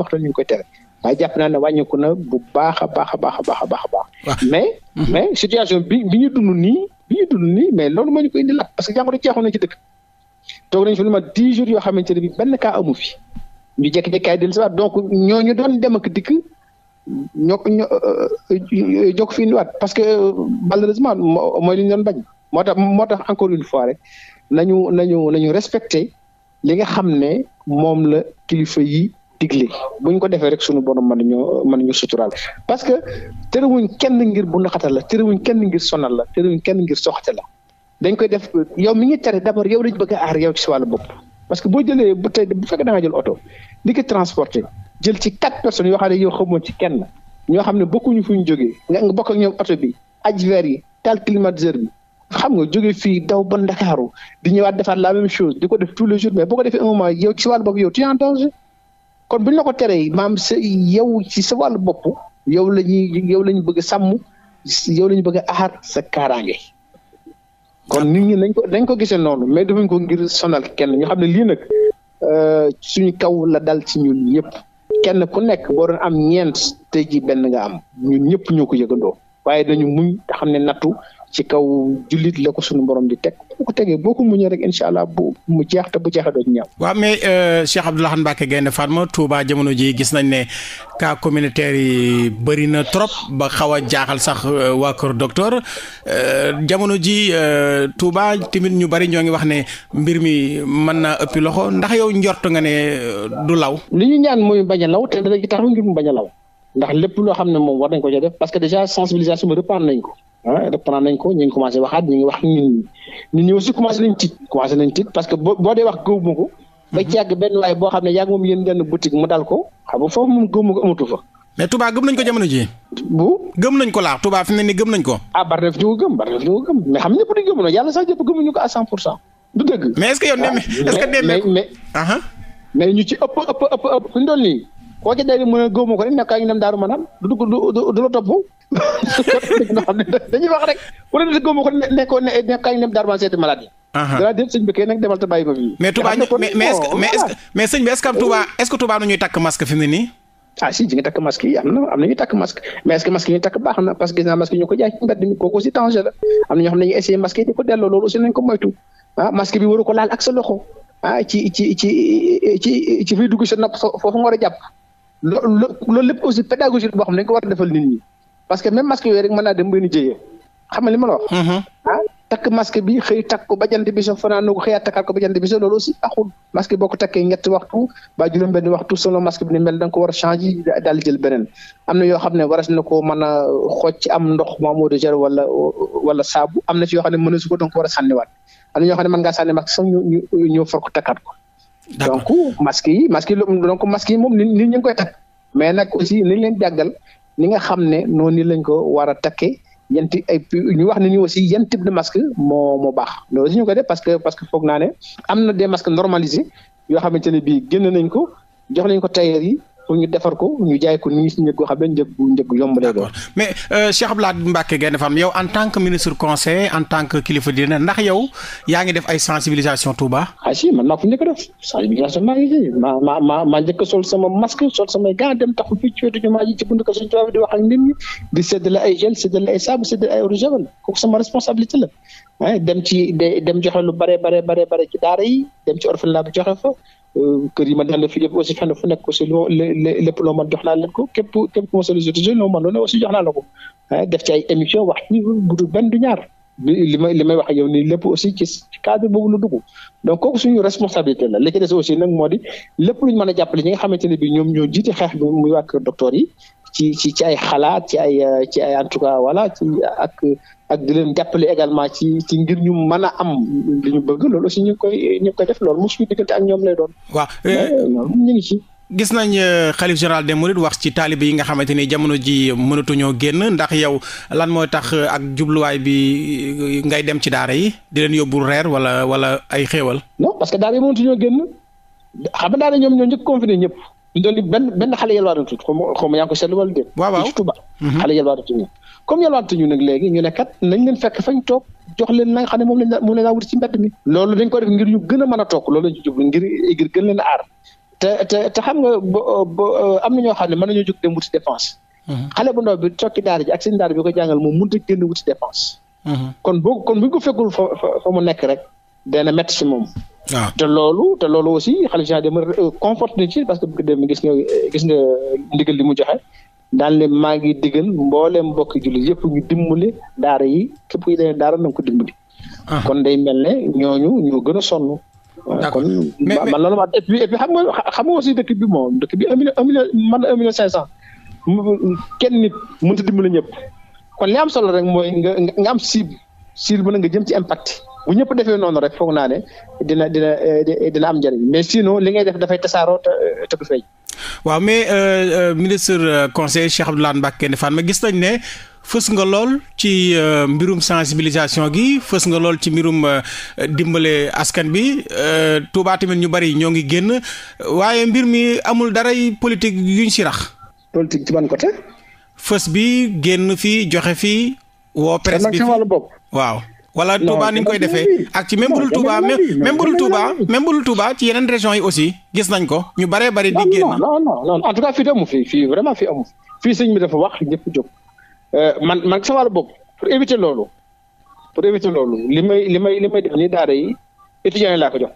na bu baax a baax baax a baax a baax. mais mhm. mais situation bi bi ñu dund nii bi dund nii mais loolu moo ndi koy parce que jàngoro jeexoon na ci dëkk toog nañ fi lu ma jours yoo xamante ne bi benn ka amu fi ñu jékki-jékki ay dellusiwaat donc ñooñu doon dem ak dikk ñoo ñoo ñoo euh, ko fi parce que malheureusement mooy li ñu doon bañ moo tax moo tax encore une fois rek nañu nañu nañu respecté li nga xam ne moom la kilifa yi digle buñ ko defee rek sunu borom mën nañoo mën nañoo suturaal parce que tërëwuñ kenn ngir bu naxatal la tërëwuñ kenn ngir sonal la tërëwuñ kenn ngir soxate la dañ koy def yow mi ngi tere d'abord yow lañ bëgg a aar yow ci sa wàllu bopp. parce que boo jëlee bu tey bu fekkee da nga jël oto di ko jël ci quatre personnes yoo xam ne yow xamoon ci kenn ñoo xam ne bokkuñu fu ñu jógee nga nga bokk ak ñoom oto bi aj verre yi taal climatiseur bi xam nga jóge fii daw ba Ndakaaru di ñëwaat defaat la même chose di ko def tous les jours mais boo ko defee un moment yow ci yow kon bu ñu la ko teree maam sa yow ci sa wàllu bopp yow la ñuy yow la ñu bëgg a sàmm yow la ñu bëgg a aar sa kaaraange. kon ah. nit ñi nañ ko nañ ko gisee noonu mais defuñ ko ngir sonal kenn ñu xam ne lii nag euh, suñu kaw la dal ci ñun ñëpp kenn ku nekk boo am ñeent tey ji benn nga am ñun ñëpp ñoo ko yëgandoo waaye dañu muñ te xam ne nattu ci kaw jullit la ko suñu borom di teg bu ko tegee boo ko muñee rek incha allah bu mu jeex te bu jeex doo ñëw. waaw mais euh, Cheikh Abdou Lahad Mbacké Gaïndé Fatma Touba jamono ji gis nañ ne cas communautaire yi bëri na trop ba xaw a jaaxal sax euh, waa kër docteur euh, jamono ji Touba tamit ñu bari ñoo ngi wax ne mbir mi mën naa ëppi loxo ndax yow njort nga ne du law. li ñu ñaan muy bañ a law te dana tax ngir mu bañ a law ndax lépp loo xam ne moom war nañ ko ca def parce que déjà sensibilisation bi reprendre nañ ko. ah reprendre nañ ko ñu ngi waxaat ñu wax nit ñi nit ñi aussi commencé nañ tiit commencé nañ tiit parce que boo boo wax gëwuma ko. ci yàgg benn waay boo xam ne yàgg moom yéen benn boutique mu dal ko xam nga moom gëwuma ko fa. mais Touba gëm ko jamono ji bu gëm ko laa Touba fi ne nii gëm nañ ko. ah bari na fi ñu ko gëm bari na fi ñu xam ñëpp dañu gëm yàlla sax ñëpp gëmuñu ko à 100 pour cent du dëgg. mais est-ce que yow. est-ce doon nii koo ci dégg mu ne góobu ko rek nekk ñu dem daaru maanaam du du du du la topp dañuy wax rek wala du góobu ko dem daaru maanaam seeti malade yi. dara déet sëñ bi kay nag bi est-ce que Touba est-ce ñuy takk masque fi mu ne am na ñuy takk masque mais est-ce que takk baax na parce que gis ñu ko jaay mbedd mi kooku aussi danger la am na ñoo xam ne dañuy essayer masque loolu aussi nañ ko moytu ah bi waru laal ak sa loxo ci ci ci ci ci fii dugg loolu lépp aussi pédagogie boo xam ne dañ ko war a defal nit ñi parce que même masque yooyu rek mën naa dem ba ni jëyee xam nga li ma la mm-hmm. ah bi xëy takk ko ba jant bi so fanaan ko xëyaat takkaat ko ba bi so loolu aussi axul masque boo ko takkee ñetti waxtu ba juróom waxtu selon masque bi ni mel da nga ko war a changer daal beneen am na yoo xam ne waras na ko mën a xooj am ndox mu am eau wala wala saabu am na ci yoo xam ne mënees ko da nga ko war a sànniwaat am na ñoo xam ne mën ngaa sànni masque sax ñu ñu ñu for ko ko. donc masque yi masque yi donc masque yi moom nit ñi ngi koy takk mais nag aussi ni leen jàggal ni nga xam ne noonu lañ ko war a takkee yan ti ay ñu wax ne aussi yan type de masque moo mo baax loolu aussi ñu koy def parce que parce que foog naa ne am na des masques normalisés yoo xamante ne bii génn nañ ko jox nañ ko tailleur yi. pour ñu defar ko ñu jaay ko nii si njëg goo xam ne njëg bu njëg yomb lay doon. mais euh, Cheikh Abdou Lahad Mbacké Gaïndé Fatma yow en tant ministre conseil en tant kilifa diine ndax yow yaa ngi def ay sensibilisation Touba. ah si man maa ko njëkk maa ngi si ma ma ma maa njëkk a sol sama masque sol samay gants dem taxu fii ci wetu jumaa ji ci bunt ko di wax ak di séddale ay gel séddale ay saabu séddale ay eau de javel kooku sama responsabilité la. Eh, dem ci dem joxe lu bare bare bare bare ci daara yi dem ci orphelinat bi joxe fa. kër yi ma daan fi yëpp aussi fenn fu nekk aussi loo lépp loo mën jox naa leen ko képp képp ku ma sollicité aussi jox naa ko ah, def ci ay émission wax ci bu dul benn du ñaar may li may yow nii lépp aussi ci cadre boobu la donc kooku suñu responsabilité la li ci des aussi nag moo di lépp lu ñu mën a jàppale ñi nga xamante ne bi ñoom ñoo jiite xeex bi muy waa kër docteur yi ci ci ci ay xalaat ci ay ci ay en tout cas voilà ci ak ak di leen jàppale également ci ci ngir ñu man a am li ñu bëgg loolu aussi ñu koy ñu koy def loolu moom suñu diggante ak ñoom lay doon. waaw euh, euh, ñu ngi ci. gis nañ xalif euh, général des mourides wax ci taalibe yi nga xamante ni jamono ji mënatuñoo génn ndax yow lan mooy tax ak jubluwaay bi ngay dem ci daara yi di leen yóbbul reer wala wala ay xéewal. non parce que daara yi mënatuñoo génn xam nga daara ñoom ñoo njëkk confiné ñëpp. ñu dolli benn benn xale yalwaanatu xaw ma xaw ma yaa ngi ko seetlu wala déet. waaw waaw ci Touba. Mhm. xale yalwaanatuñu comme ñu ne kat nañ leen fekk fañ toog jox leen na nga xam ne moom lañ la moom lañ laa wuti ci mbedd mi. loolu dañ ko def ngir ñu gën a mën a toog loolu lañ ci jublu ngir ngir gën leen a aar te te te xam nga ba am na ñoo xam ne mën nañoo jóg dem wuti dépense. Mhm. xale bu ndaw bi tokki daara ji ak seen daara bi ko jàngal moom mënut a génn wuti dépense. Mhm. kon boo kon bu ñu fekkul fa fa mu nekk rek dana métti ci moom. waaw ah. te loolu te loolu aussi xalif général des mourides na ci parce que bu dem gis nga euh, gis nga ndigal li mu joxe daal ne maa ngi digal mbooleem mbokki jullit yëpp ñu dimbali daara yi képp kuy demee daara na ko dimbali. Ah. kon day mel ne ñooñu ñoo gën a sonn. Euh, d'accord loolu ma et puis et nga xam nga aussi dëkk bi moom dëkk bi un million man un million cinq kenn nit mënut a dimbali ñëpp kon li am solo rek mooy nga nga am cible cible bu ne nga jëm ci impact. bu ñëpp defee noonu rek foog naa ne dina dina eh, dina am njëriñ mais sinon li ngay def dafay tasaaroo te eh, du feeñ. waaw mais euh, euh, ministre euh, conseiller Cheikh Abdoulaye Mbacké Ndéphane ma gis nañ ne. fës nga lool ci mbirum sensibilisation gi fës nga lool ci mbirum dimbale askan bi Touba tamit ñu bari ñoo ngi génn waaye mbir mi amul daray politique yuñ si rax. ci ban côté. fës bi génn fii joxe fii. woo presse bi waaw. wala Touba ni ñu koy defee ak ci même budul Touba même budul Touba même budul Touba ci yeneen régions yi aussi gis nañ ko ñu baree bari di génn non non fii de amu fi fii vraiment fii amu fii wax ñëpp jóg euh, man man sa wàllu bopp pour éviter loolu pour éviter loolu li may li may li may def nii daara yi étudiants yi laa ko jox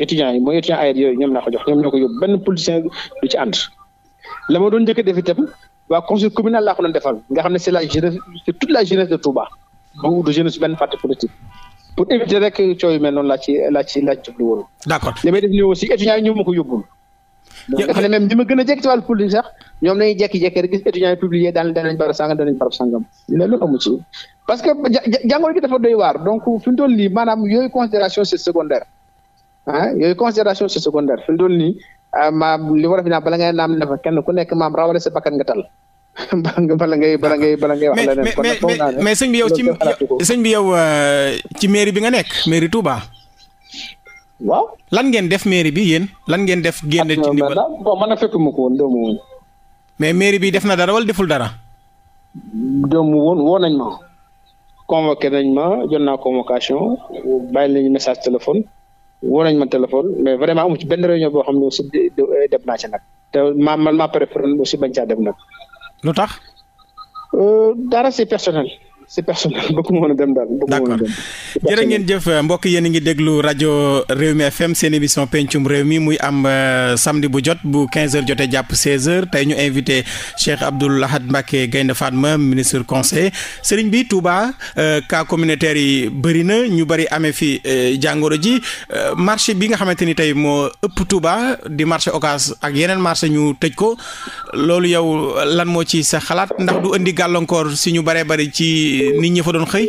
étudiants yi mooy étudiants ayet yooyu ñoom laa ko jox ñoom ñoo ko yóbbu benn politicien du ci ànd la doon njëkk a def itam waa conseil communal laa ko doon defal nga xam ne c'est la jeunesse c'est la jeunesse de Touba bu du jeune si benn parti politique pour éviter rek coow yu mel noonu laa ci laa ci laa ci jublu woon. d'accord def nii aussi étudiants yi ñoo ko yóbbul. nga xam ne même ma gën a jekk ci wàllu politique sax ñoom dañuy jekki-jekki rek gis étudiants yi publié daan danañ barab sàngam parce que jàngoro gi dafa doy waar donc fi mu toll nii maanaam yooyu considération c'est secondaire ah yooyu considération c'est secondaire fi mu toll ah, maam li war a bala ngay ne fa kenn ku nekk maam rawale sa bakkan nga tal bala ngay bala ngay bala ngay wax leneen mais mais mais sëñ bi yow ci sëñ yow uh, ci mairie bi nga nekk mairie Touba. waaw lan ngeen def mairie bi yéen lan ngeen def. génn ah, ci ndimbal bon man a fekkuma ma ko woon doomu woon. mais mairie bi def na dara wala deful dara. doomu woon woo nañ ma. convoqué nañ ma jot naa convocation bàyyi nañu message téléphone woo nañ ma téléphone mais vraiment amu ci benn réunion boo xam ne aussi te ma man maa préféré aussi bañ caa dem nag. lu tax. Euh, dara c'est personnel. c'est personnel bëgguma mën a dem daal. d'accord jërë ngeen jëf mbokk yéen a ngi déglu rajo Rewmi FM seen mission pencum réew mi muy am euh, samedi bu jot bu 15h jotee jàpp 16h tey ñu invité Cheikh Abdoul Ahad Mbacké Gaïndé Fatma ministre conseil sëriñ bi Touba ka euh, communautaire yi bëri na ñu bëri amee fi euh, jàngoro ji marché bi nga xamante ni tey moo ëpp Touba di marché Ocass ak yeneen marché ñu tëj ko loolu yow lan moo ci sa xalaat ndax du indi gàllankoor si nit ñi fa doon xëy.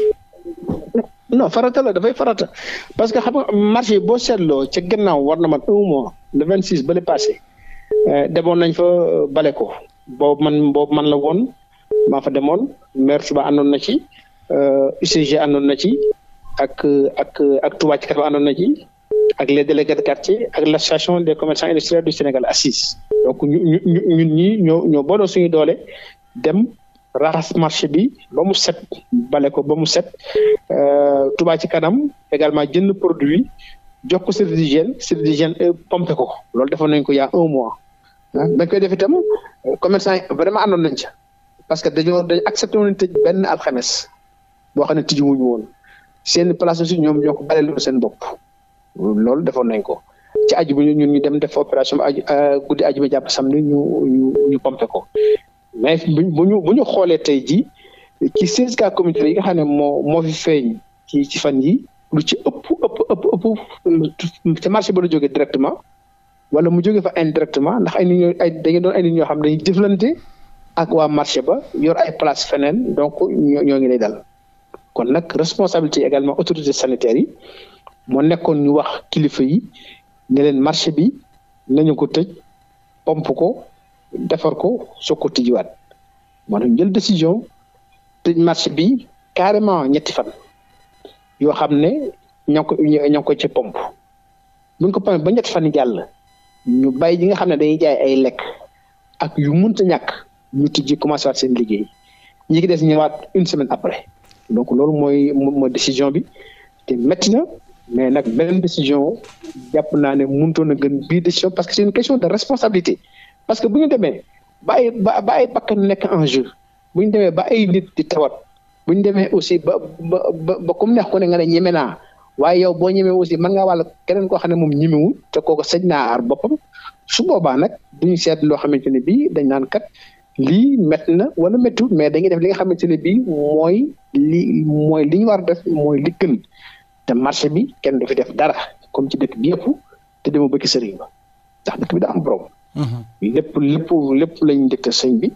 non farata la dafay farata parce que xam nga marché boo seetloo ca gannaaw war na man un mois le vingt six bale passé eh, demoon nañ fa euh, bale ko boobu man boobu man la woon ma fa demoon maire Suba àndoon na ci UCG euh, àndoon na ci ak ak ak Touba ci kanam na ci ak les délégués de quartier ak l'association des commerçants industriels du Sénégal ACIS donc ñu ñu ñun ñoo ñoo booloo suñu doole dem. raxas marché bi ba mu set bale ko ba mu set euh, Touba ci kanam également jënd produit jox ko service d'hygiène service d'hygiène euh, pompé ko loolu defoon nañ ko il y a un mois. dañ koy def itam euh, commerçant yi vraiment àndoon nañ ca parce que dañoo dañ accepté woon tëj benn alxames boo xam ne tijji wuñu woon seen place aussi ñoom ñoo ko baleelu seen bopp loolu defoon nañ ko. ci aju bi ñun ñu dem def opération aju guddi aju bi jàpp samedi ñu ñu ñu pompé ko mais bu ñu bu ñu xoolee tey jii ci seize cas communautaires yi nga xam ne moo moo fi feeñ ci ci fan yi lu ci ëpp ëpp ëpp ëpp te marché ba la jógee directement wala mu jógee fa indirectement ndax ay nit ay dañu doon ay nit ñoo xam dañuy jëflante ak waa marché ba yor ay place feneen donc ñoo ngi lay dal kon nag responsabilité également autorités sanitaires yi moo nekkoon ñu wax kilifa yi ne leen marché bi nañu ko tëj pomp ko defar ko soo ko tijjiwaat maanaam jël décision tëj marché bi carrément ñetti fan yoo xam ne ñoo ko ñoo ko ci pompe bu ko pompe ba ñetti fan yi jàll ñu bàyyi ñi nga xam ne dañuy jaay ay lekk ak yu mun mënta ñàkk ñu tijji commencé waat seen liggéey ñi ki des ñëwaat une semaine après donc loolu mooy mooy décision bi te métti na mais nag beneen décision jàpp naa ne mënutoon a gën bii décision parce que c'est une question de responsabilité parce que bu ñu demee ba ay ba ba ay bakkan nekk en jeu bu ñu demee ba ay nit di tawat bu ñu demee aussi ba ba ba comme neex ne nga ne ñeme naa waaye yow boo ñemee aussi mën ngaa wàll keneen koo xam ne moom ñemewul te kooku sañ naa aar boppam su boobaa nag duñu seet loo xamante ne bii dañ naan kat lii métti na wala méttiwul mais dañuy def li nga xamante ne bii mooy li mooy li ñu war a def mooy li te marché bi kenn du fi def dara comme ci dëkk bi yëpp te dama bëgg sëriñ ba ndax dëkk bi lépp lépp lépp lañ njëkk sëñ bi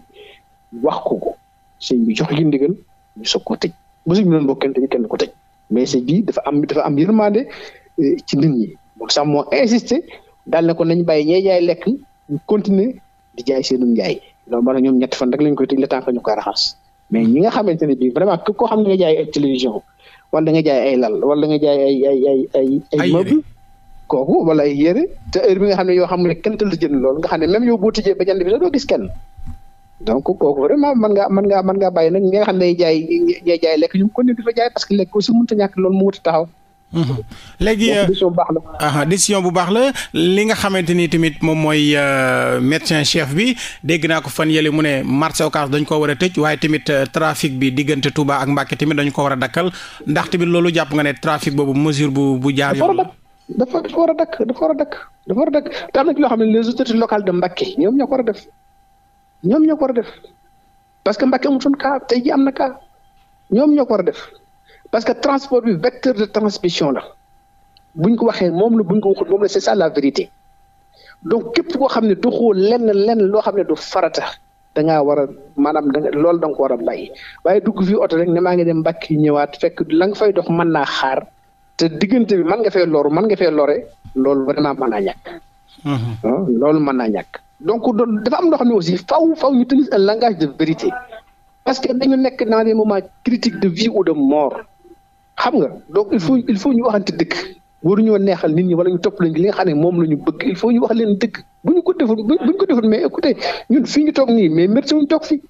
wax ko ko sëñ bi jox li ndigal ñu soog ko tëj ba sëñ bi doon bokkante ñu kenn ko tëj mais sëñ bi dafa am dafa am yërmande eh, ci nit ñi moom sax moo insisté daal na ko nañ bàyyi ñee jaay lekk ñu continuer di jaay seenum njaay loolu ba tax ñoom ñetti fan rek lañ koy tëj la temps que ñu raxas mais ñi nga xamante ne bii vraiment képp koo xam ne nga jaay ay télévision wala nga jaay ay lal wala nga jaay ay ay ay ay kooku wala ay yére te heure bi nga xam ne yoo xam ne kenn te jënd loolu nga xam ne même yow boo tijjee ba jant bi sax doo gis kenn donc kooku vraiment mën ngaa man ngaa mën ngaa bàyyi nag ñi nga xam ne day jaay ñay jaay lekk ñu ko ne di fa jaay parce que lekk aussi mënut a ñàkk loolu mu wut a taxaw mhm. léegi ah, ah, bu baax la li nga xamante ni tamit moom mooy euh, médecin chef bi dégg naa ko fan yële mu ne marché Ocass dañ ko war a tëj waaye tamit euh, trafic bi diggante Touba ak Mbacké tamit dañ ko war a dakkal ndax tamit loolu jàpp nga ne trafic boobu mesure bu bu jaar yoon dafa dafa war a dakk dafa war a dakk dafa war a dakk te na ci loo xam ne les autorités locales de Mbacké ñoom ñoo ko war a def ñoom ñoo ko a def parce que Mbacké amutoon cas tey ji am na cas ñoom ñoo ko a def parce que transport bi vecteur de transmission la buñ ko waxee moom la buñ ko waxul moom la c'est ça la vérité donc képp koo xam ne doxoo len lenn loo xam ne du farata da ngaa war a maanaam da loolu da war a bàyyi waaye dugg fii oto rek ne maa ngi dem Mbacké ñëwaat fekk la nga fay dox mën naa xaar. te diggante bi mën nga fee loru mën nga fee lore loolu vraiment mën naa ñàkk. Mhm. Ah, loolu mën naa ñàkk. donc dafa am loo xam ne aussi faw faw ñu tenir un langage de vérité parce que dañu nekk dans des moments critiques de vie ou de mort xam nga donc il faut il faut ñu waxante dëgg waruñoo neexal nit ñi wala ñu topp lañ li xam ne moom la ñu bëgg il faut ñu wax leen dëgg bu ñu ko defoon bu ñu ko defoon mais écoutez ñun fi ñu toog nii mais merci ñu toog fii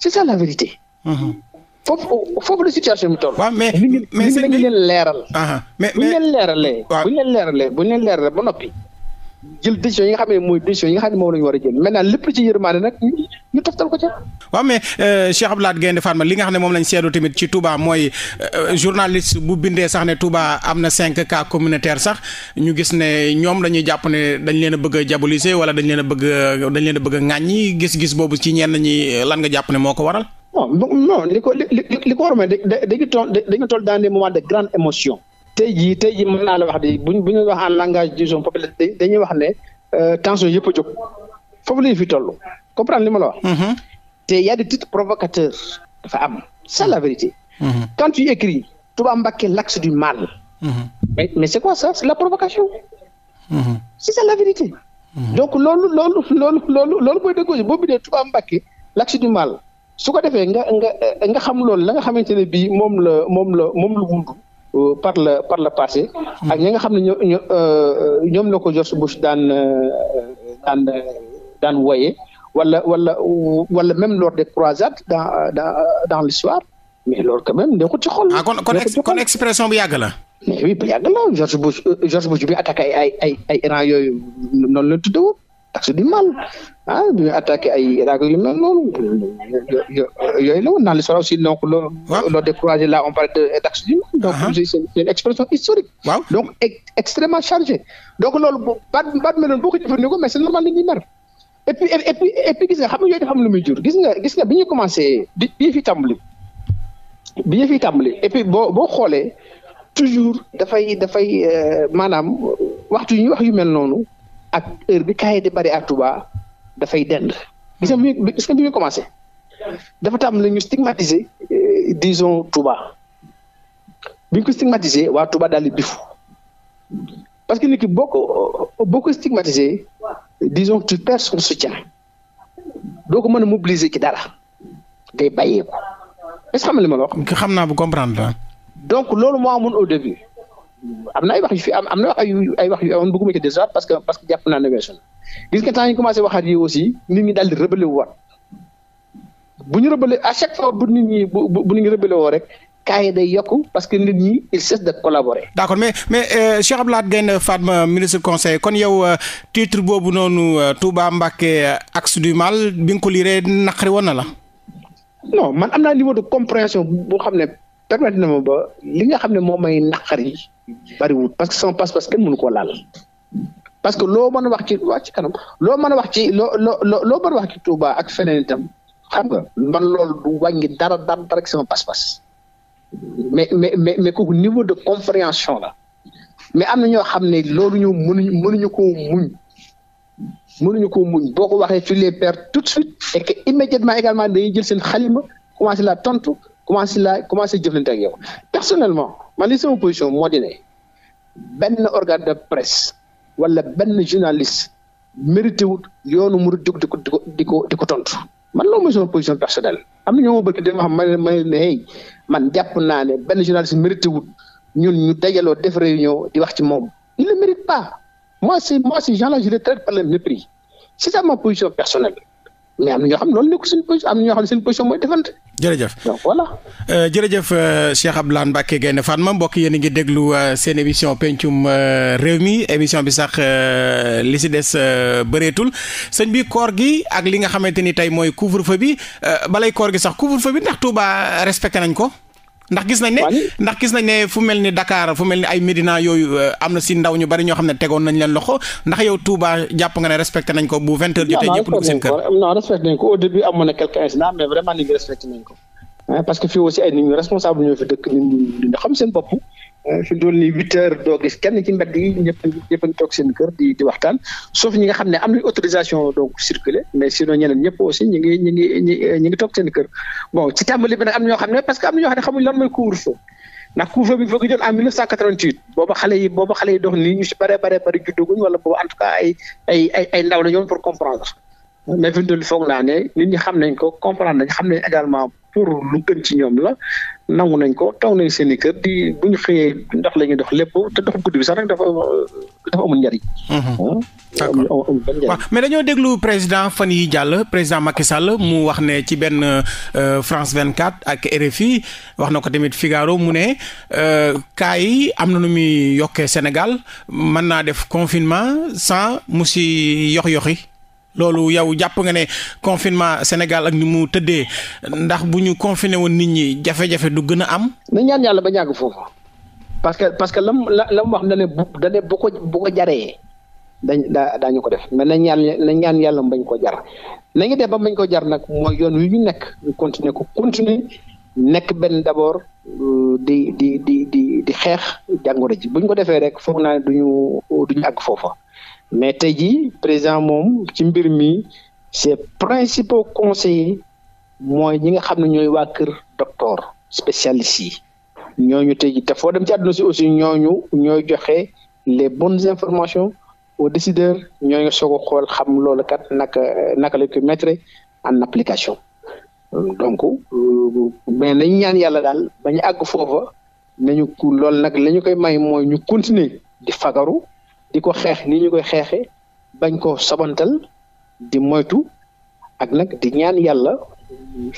c'est ça la vérité. Mhm. foofu foofu la situation bi toll. waaw mais mais sëñ bi leen leeral. mais mais bu leen leeralee. waaw bu ñu leen leeralee bu ñu leen ba noppi. jël décision yi nga xam ne mooy décision yi moom la war a jël maintenant lépp ci yërmaane nag ñu toftal ko ca. waaw mais euh, Cheikh Abdou Lahad Gaïndé Fatma li nga xam ne moom lañu seetlu tamit ci Touba mooy euh, journaliste bu bindee sax ne Touba am na cinq ka communautaire sax ñu gis ne ñoom dañuy jàpp ne dañ leen a bëgg a diaboliser wala dañ leen a bëgg dañ leen a bëgg a ŋàññi gis-gis boobu ci ñenn ñi lan nga jàpp ne moo ko waral. non non li ko li li ko war a may dañu toll dañu de grande émotion. tey jii tey jii mën la wax de buñ bu ñu wax en langage disons populaire dañuy wax ne euh, tension yëpp a jóg foofu la ñu fi toll comprendre li ma la mm-hmm. te y a des titres am c'est la vérité. Mm-hmm. quand tu écris Touba Mbacké l'axe du mal. Mm-hmm. mais mais c'est quoi ça c'est la provocation. c'est vérité. donc loolu loolu loolu loolu loolu mooy déggoo boo bindee Touba Mbacké l'axe du mal. su ko defee nga nga eh, nga xam loolu la nga xamante ne bii moom la moom la moom la wund euh, par la par le passé. Hmm. ak ñi nga xam ne ñoo euh, euh, ñoom la ko George Bush daan daan daan woye wala wala wala même lors des croisades dans dans dans l'histoire mais loolu quand même nekkul ci xol. Ah, kon expression bu yàgg la. mais oui bi yàgg la George Bush George Bush bi attaqué ay ay ay Iran yooyu noonu la tuddewoon. ak du mal ah du ñu attaqué ay Irak yu mel noonu yooyu la woon naan l'histoire aussi donc loo loo découragé là on parle de d'axe du mal donc ah, ah. c'est une expression historique donc extrêmement chargée donc loolu bu baat baat meloon boo ko jëfandikoo mais c'est normal li ñuy mer et puis et gis nga xam lu muy jur gis nga gis nga bi ñu commencé bi ñu fi tàmbali bi ñu fi tàmbali et puis boo boo xoolee toujours dafay dafay euh, maanaam waxtu yi wax yu mel noonu ak heure bi kaay di bari à Touba dafay dend gis nga hmm. est-ce que bi muy commencé dafa tam la ñu stigmatiser euh, disons Touba bi ñu ko stigmatiser waa Touba daal di bifu parce que nit ki boo ko boo ko stigmatiser disons tu perds son soutien doo ko mën a mobiliser ci dara day bàyyeeku est-ce que xam nga li ma la wax. xam naa bu comprendre donc loolu moo amoon au début. am na ay wax yu fi am am na wax yu ay wax yu amoon bëgguma ci dèjà parce que parce que jàpp naa ne weesu na gis nga temps ñu commencé waxaat yi aussi nit ñi daal di rebelle wu waat bu ñu rebelle à chaque fois bu nit ñi bu bu nit ñi rebelle woo rek kaay day yokku parce que nit ñi il cesse de collaborer. d' accord mais mais euh, Cheikh Abdou Lahad Gaïndé Fatma ministre conseil kon yow euh, titre boobu noonu euh, Touba Mbacké axe du mal bi nga ko liiree naqari woon na la. non man am naa niveau de compréhension boo xam ne permettre na li nga xam ne moom may naqari bariwul parce que sama passe-passe kenn mënu koo laal parce que loo mën a wax ci wax ci kanam loo mën a wax ci loo loo loo mën wax ci Touba ak feneen itam xam nga man loolu du wàññi dara dara dara ci sama passe-passe mais mais mais mais kooku niveau de compréhension la mais am na ñoo xam ne loolu ñu mënuñu mënuñu koo muñ mënuñu koo muñ boo ko waxee tu les perds tout de suite et que immédiatement également dañuy jël seen xalima commencé la tontu. commencé laa commencé jëflante ak yow personnellement man li sama position moo di ne benn organe de presse wala benn journaliste mérité wut yoonu mu jóg di ko di ko di ko di man loolu mooy sama position personnelle am na ñoo ma bëgg dama xam ma ne hey man jàpp naa ne benn journaliste mérité wut ñun ñu dajaloo def réunion di wax ci moom il ne mérite pas moi c'est moi ces gens-là je les traite par le mépris c'est ça ma position personnelle mais am na ñoo xam ne loolu nekkul seen position am na ñoo xam ne seen position mooy defante. jërëjëf donc voilà. Euh, jërëjëf euh, Cheikh Abdoulaye Mbacke Gaïndé Fatma mbokk yéen a ngi déglu euh, seen émission pencum réew mi émission bi sax li si des bëreetul sëñ bi koor gi ak li nga xamante ni tey mooy couvre-feu bi balay koor gi sax couvre-feu bi ndax tuuba respecté nañ ko. ndax gis nañ ne ndax gis nañ ne fu mel ni Dakar fu mel ni ay Médina yooyu euh, am na si ndaw ñu bari ñoo xam ne tegoon nañ leen loxo ndax yow Touba jàpp nga ne respecté nañ ko bu vingt heures jotee ñëpp dugg seen kër non nañ ko parce que fii aussi ay nit ñu responsable ñoo fi dëkk nit xam seen bopp Euh, fi mu toll nii huit heures doo gis kenn ci mbedd yi ñëpp ñëpp a ngi toog seen kër di di waxtaan sauf ñi nga xam ne am nañ autorisation donc circuler mais sinon ñeneen ñëpp aussi ñu ngi ngi ñu ngi toog seen kër bon ci tàmbali bi nag am ñoo xam ne parce que am na ñoo xam ne xamuñ lan mooy couvre-feu ndax couvre-feu bi foog a jël en 1988 booba xale booba xale yi dox nii bare bare bare juddaguñ wala booba en tout cas ay ndaw la ñoom pour comprendre. mais fi mu foog naa ne nit ñi xam nañ ko comprendre nañ xam ne également pour lu gën ci ñoom la nangu nañ ko taw nañ seen i kër di bu xëyee ndox la ñuy dox lépp te dox guddi bi sax rek dafa dafa amul njariñ. Mhm. d'accord waaw mais dañoo déglu président fan yi jàll président Macky Sall mu wax ne ci benn euh, France 24 ak RFI wax na ko tamit Figaro mu ne euh, cas yi am na nu muy yokkee Sénégal mën naa def confinement sans mu si yox yoxi loolu yow jàpp nga ne confinement Sénégal ak ni mu tëddee ndax bu ñu confiné woon nit ñi jafe-jafe du gën a am. na ñaan yàlla ba ñàgg foofu parce que parce que la lam wax na ne bu da ne bu ko bu ko jaree dañ daa daañu ko def mais na ñaan na ñaan yàlla bañ ko jar na ngi def ba bañ ko jar nag mooy yoon wi ñu nekk ñu continuer ko continuer nekk benn d'abord euh, di di di di di xeex jàngoro ji buñ ko defee rek foog naa ne duñu duñu àgg foofa. mais tey jii président moom ci mbir mi ses principaux conseillers mooy ñi nga xam ne ñooy waa kër docteur spécialiste yi ñooñu tey jii te foo dem ci àdduna si aussi ñooñu ñooy joxe les bonnes informations au décideurs ñooñu soog a xool xam lool kat naka naka la ko mettre en application donc euh, mais nañu ñaan yàlla daal ba ñu àgg foofa nañu loolu nag lañu koy may mooy ñu continuer di fagaru. di ko xeex ni ñu koy xeexee bañ koo sabantal di moytu ak nag di ñaan yàlla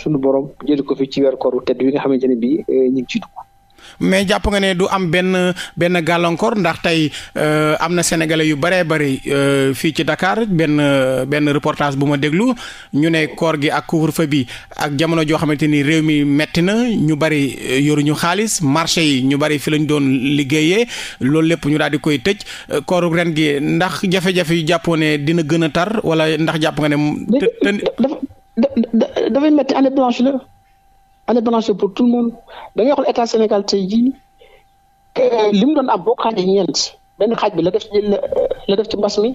suñu borom jëli ko fi ci weer koru tedd bi nga xamante ne bii eh, ñu ngi ciy dugg. mais jàpp nga ne du am benn benn gàllankoor ndax tey euh, am na sénégalais yu bëree bëri euh, fii ci Dakar benn benn reportage bu ma déglu ñu ne koor gi ak couvre-feu ak jamono joo xamante ni réew mi metti na ñu bëri euh, yoruñu xaalis marché yi ñu bari fi lañ doon liggéeyee loolu lépp ñu daal di koy tëj kooru ren gi ndax jafe-jafe yu jàppoo ne dina gën a tar wala ndax jàpp nga ne. dafay metti année blanche la. année blanche pour tout le monde da ngay xool état Sénégal tey jii euh, li mu doon am boo xaajee ñeent benn xaaj bi la def ci euh, la def ci mbas mi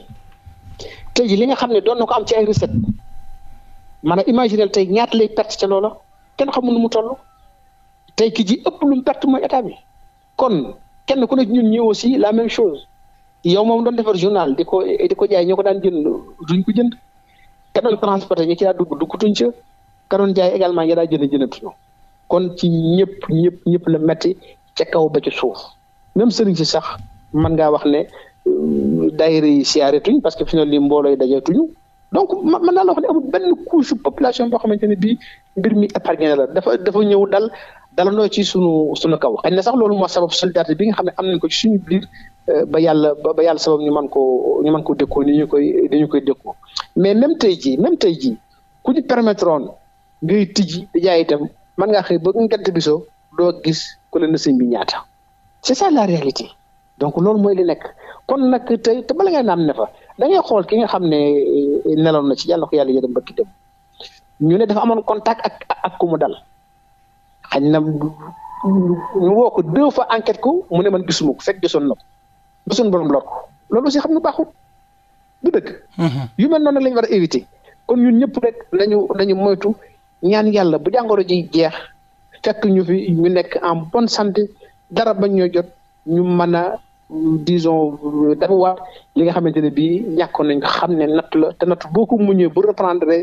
tey jii li nga xam ne doon na ko am ci ay recette maanaam imaginel tey ñaat lay perte ca loola kenn xamul nu mu toll tey ki ji ëpp lu mu perte mooy état bi kon kenn ku ne ñun ñëw aussi la même chose yow moom doon defar journal di ko di ko jaay ñoo ko daan jën duñ ko jën te doon transporté ñu ci daa dugg duggutuñ ca. ka doon jaay également ya daa jënd jëndatuñu kon ci ñëpp ñëpp ñëpp la metti ca kaw ba ci suuf même sëriñ si sax mën ngaa wax ne euh, daayira yi siyaaretuñ parce que fi na li mbooloo yi dajeetuñu donc mën naa la wax ne amul benn couche population boo xamante ne bii mbir mi épargné la dafa dafa ñëw dal dalandoo ci sunu sunu kaw xëy na sax loolu moo sabab solidarité bi nga xam ne am nañ ko ci suñu biir euh, ba yàlla ba yàlla sabab ñu mën koo ñu mën ko dékkoo ni ñu koy ni ñu koy dékkoo mais même tey jii même tey ku ñu permettre ngay tijji di jaay itam mën ngaa xëy ba ngant bi soo doo gis ku leen sëñ bi ñaata c'est ça la réalité donc loolu mooy li nekk kon nag te bala ngay naan ne fa da xool ki nga xam ne eh, neloon na ci yàlla ko yàlla yërëm de ki dem ñu ne dafa amoon contact ak ak ku mu na ñu woo ko deux fois ko mu ne man gisuma ko fekk gisoon na ko gisoon borom lor ko aussi xam nga baaxul du dëgg. Mhm. yu mel noonu lañ war a kon ñun ñëpp rek nañu nañu moytu ñaan yàlla bu jàngoro ji jeex fekk ñu fi ñu nekk en bonne santé dara bañ ñoo jot ñu mën a disons dafawaat li nga xamante ne bii ñàkkoon nañ ko xam ne natt la te natt boo ko muñee bu reprendre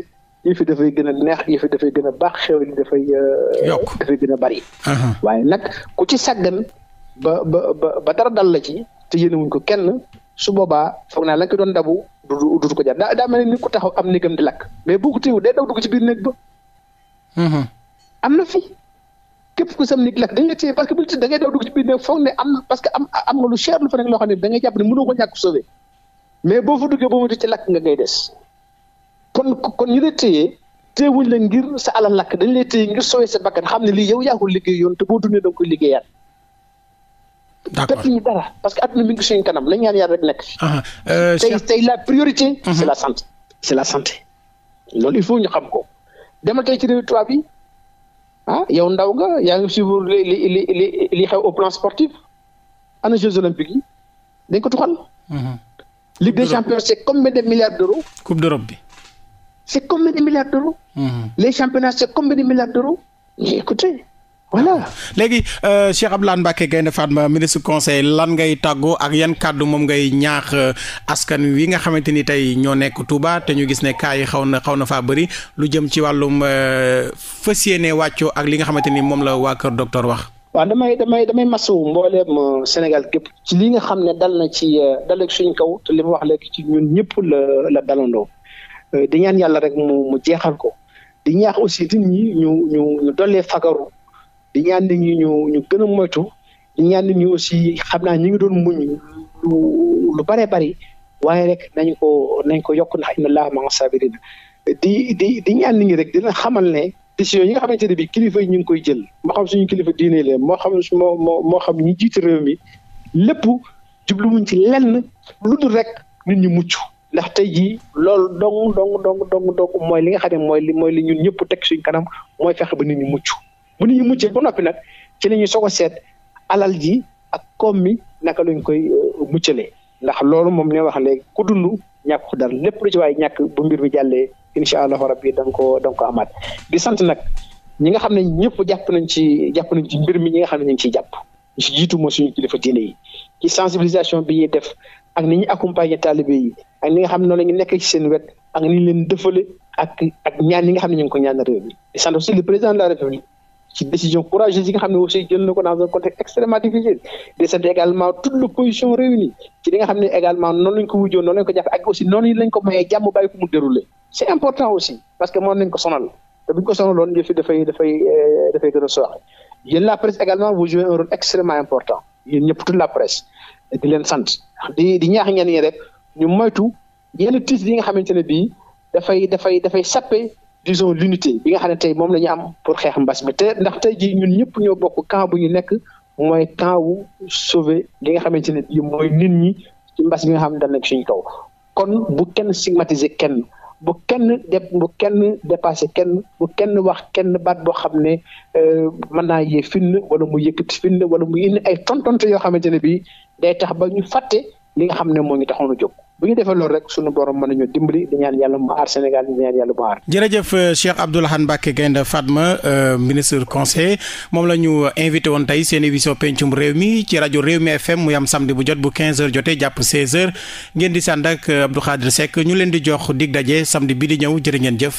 yëf yi dafay gën a neex yëf yi dafay gën a baax xew yi dafay euh, yokk dafay gën a bari uh-huh. waaye nag ku ci sàggan ba ba ba dara dal la ci te wuñ ko kenn su boobaa foog naa la ko doon dabu du du ko jar daa daa mel ni ku taxaw am néegam di lakk mais boo ko téewu day daw dugg ci biir néeg ba Mm-hmm. am na fi képp ku sam nit lekk dañ la téye parce que bu da ngay daw dugg ci biir ne foog ne am parce que am am nga lu cher lu fa ne da ngay jàpp ne ko duggee boo mu ci lakk nga ngay des kon kon ñu la téye téyewuñ la ngir sa alal lakk dañ lay téye ngir sauver sa bakkan xam ne li yow yaa ko liggéey yoon te boo dundee da nga koy liggéeyaat d'accord ñu dara parce que adduna mi ngi suñu kanam la ñaan yàlla rek nekk. Ah, euh, tey tey la priorité. c'est mm-hmm. la santé c'est la santé loolu il faut ñu xam ko. demal tey ci réew tubaab bi ah yow ndaw nga yaa ngi suivre li li li li xew au plan sportif ana Jeux olympiques yi dañ ko tuxal. Mhm. Ligue des champions c' est combien de milliards d' coupe d' bi. c' est combien de milliards d' euros. Mhm. les championnats c' est de milliards d' euros. mais voilà léegi euh, Cheikh Abdoulaye Mbacké Gaïndé Fatma ministre conseil lan ngay tàggoo ak yan kàddu moom ngay ñaax euh, askan wi nga xamante ni tey ñoo nekk Touba te ñu gis ne kaa yi xaw na xaw na faa bëri lu jëm ci wàllum euh, fas yéene wàccoo ak li nga xamante ni moom la waa kër docteur wax. waaw damay damay damay masawu mbooleem Sénégal gépp ci li nga xam ne dal na ci dal ak suñ kaw te li ma wax léegi ci ñun ñëpp la la dalandoo di ñaan yàlla rek mu mu jeexal ko di ñaax aussi nit ñi ñu ñu ñu dollee fagaru. di ñaan nit ñu ñu gën a moytu di ñaan nit ñi aussi xam naa ñi ngi doon muñ lu lu bare bari waaye rek nañ ko nañ ko yokk na inna allaha maa sabirin di di di ñaan nit ñi rek dina xamal ne décision yi nga xamante ne bi kilifa yi ñu ngi koy jël moo xam suñu kilifa diine la moo xam moo moo moo xam ñi jiite réew mi lépp jubluwuñ ci lenn lu dul rek nit ñi mucc ndax tey jii loolu dong dong dong dong dong mooy li nga xam ne mooy li mooy li ñun ñëpp teg suñ kanam mooy fexe ba nit ñu mucc bu nit ñi ba noppi nag ci la ñuy soog seet alal ji ak koom mi naka lañ koy euh, muccalee ndax loolu moom ne wax léegi ku dund ñàkk ko dara lépp lu ci waaye ñàkk bu mbir mi jàllee incha allahu rabbi da nga ko da nga ko amaat di sant nag ñi nga xam ne ñëpp jàpp nañ ci jàpp nañ ci mbir mi ñi nga xam ne ñu ngi ciy jàpp ñu ci jiitu moo suñu kilifa diine yi ci sensibilisation bi ñuy def ak ni ñuy accompagner talibé yi ak ni xam ne noonu ñu nekkee ci seen wet ak ni ñu leen dëfale ak ak ñaan yi nga xam ne ñu ko ñaan réew mi di sant aussi le président de la république ci décision courageuse yi xam ne aussi jël na ko dans un contexte extrêmement difficile di sant également toute l'opposition réunie ci li nga xam ne également noonu lañ ko wujjoon noonu lañ ko jàppe aussi noonu lañ ko mayee jàmm bàyyi ko mu déroulé c'est important aussi parce que moom nañ ko sonal te bu ko sonaloon yëf yi euh, a sooxe yéen la presse également vous jouez un rôle extrêmement important yéen ñëpp toute la presse di leen sant di ñaax ñenn ñi rek ñu moytu yenn ne bii dafay dafay dafay sappe disons l'unité bi nga xam ne tey moom la ñu am pour xeex mbas mi te ndax tey jii ñun ñëpp ñoo bokk camp bu ñu nekk mooy camp wu sauver li nga xamante ne bii mooy nit ñi ci mbas mi nga xam ne dal na suñu kaw kon bu kenn stigmatiser kenn bu kenn def bu kenn dépassé kenn bu kenn wax kenn baat boo xam ne euh, mën naa yee finn wala mu yëkkati finn wala mu indi ay tontonte yoo xamante ne bii day tax ba ñu fàtte li nga xam ne moo ngi taxoon a jóg. bu ñu defee loolu rek suñu borom mën nañoo dimbali di ñaan yàlla mu aar Sénégal di ñaan yàlla mu aar. jërëjëf euh, Cheikh Abdou Lahad Mbacké Gaïndé Fatma euh, ministre conseil moom la ñu invité woon tey seen émission pencum réew mi ci rajo réew mi FM mu yam samedi bu jot bu 15h jotee jàpp 16h ngeen di sànd ak euh, Abdou Khadre Seck ñu leen di jox dig daje samedi bi di ñëw jërë ngeen jëf.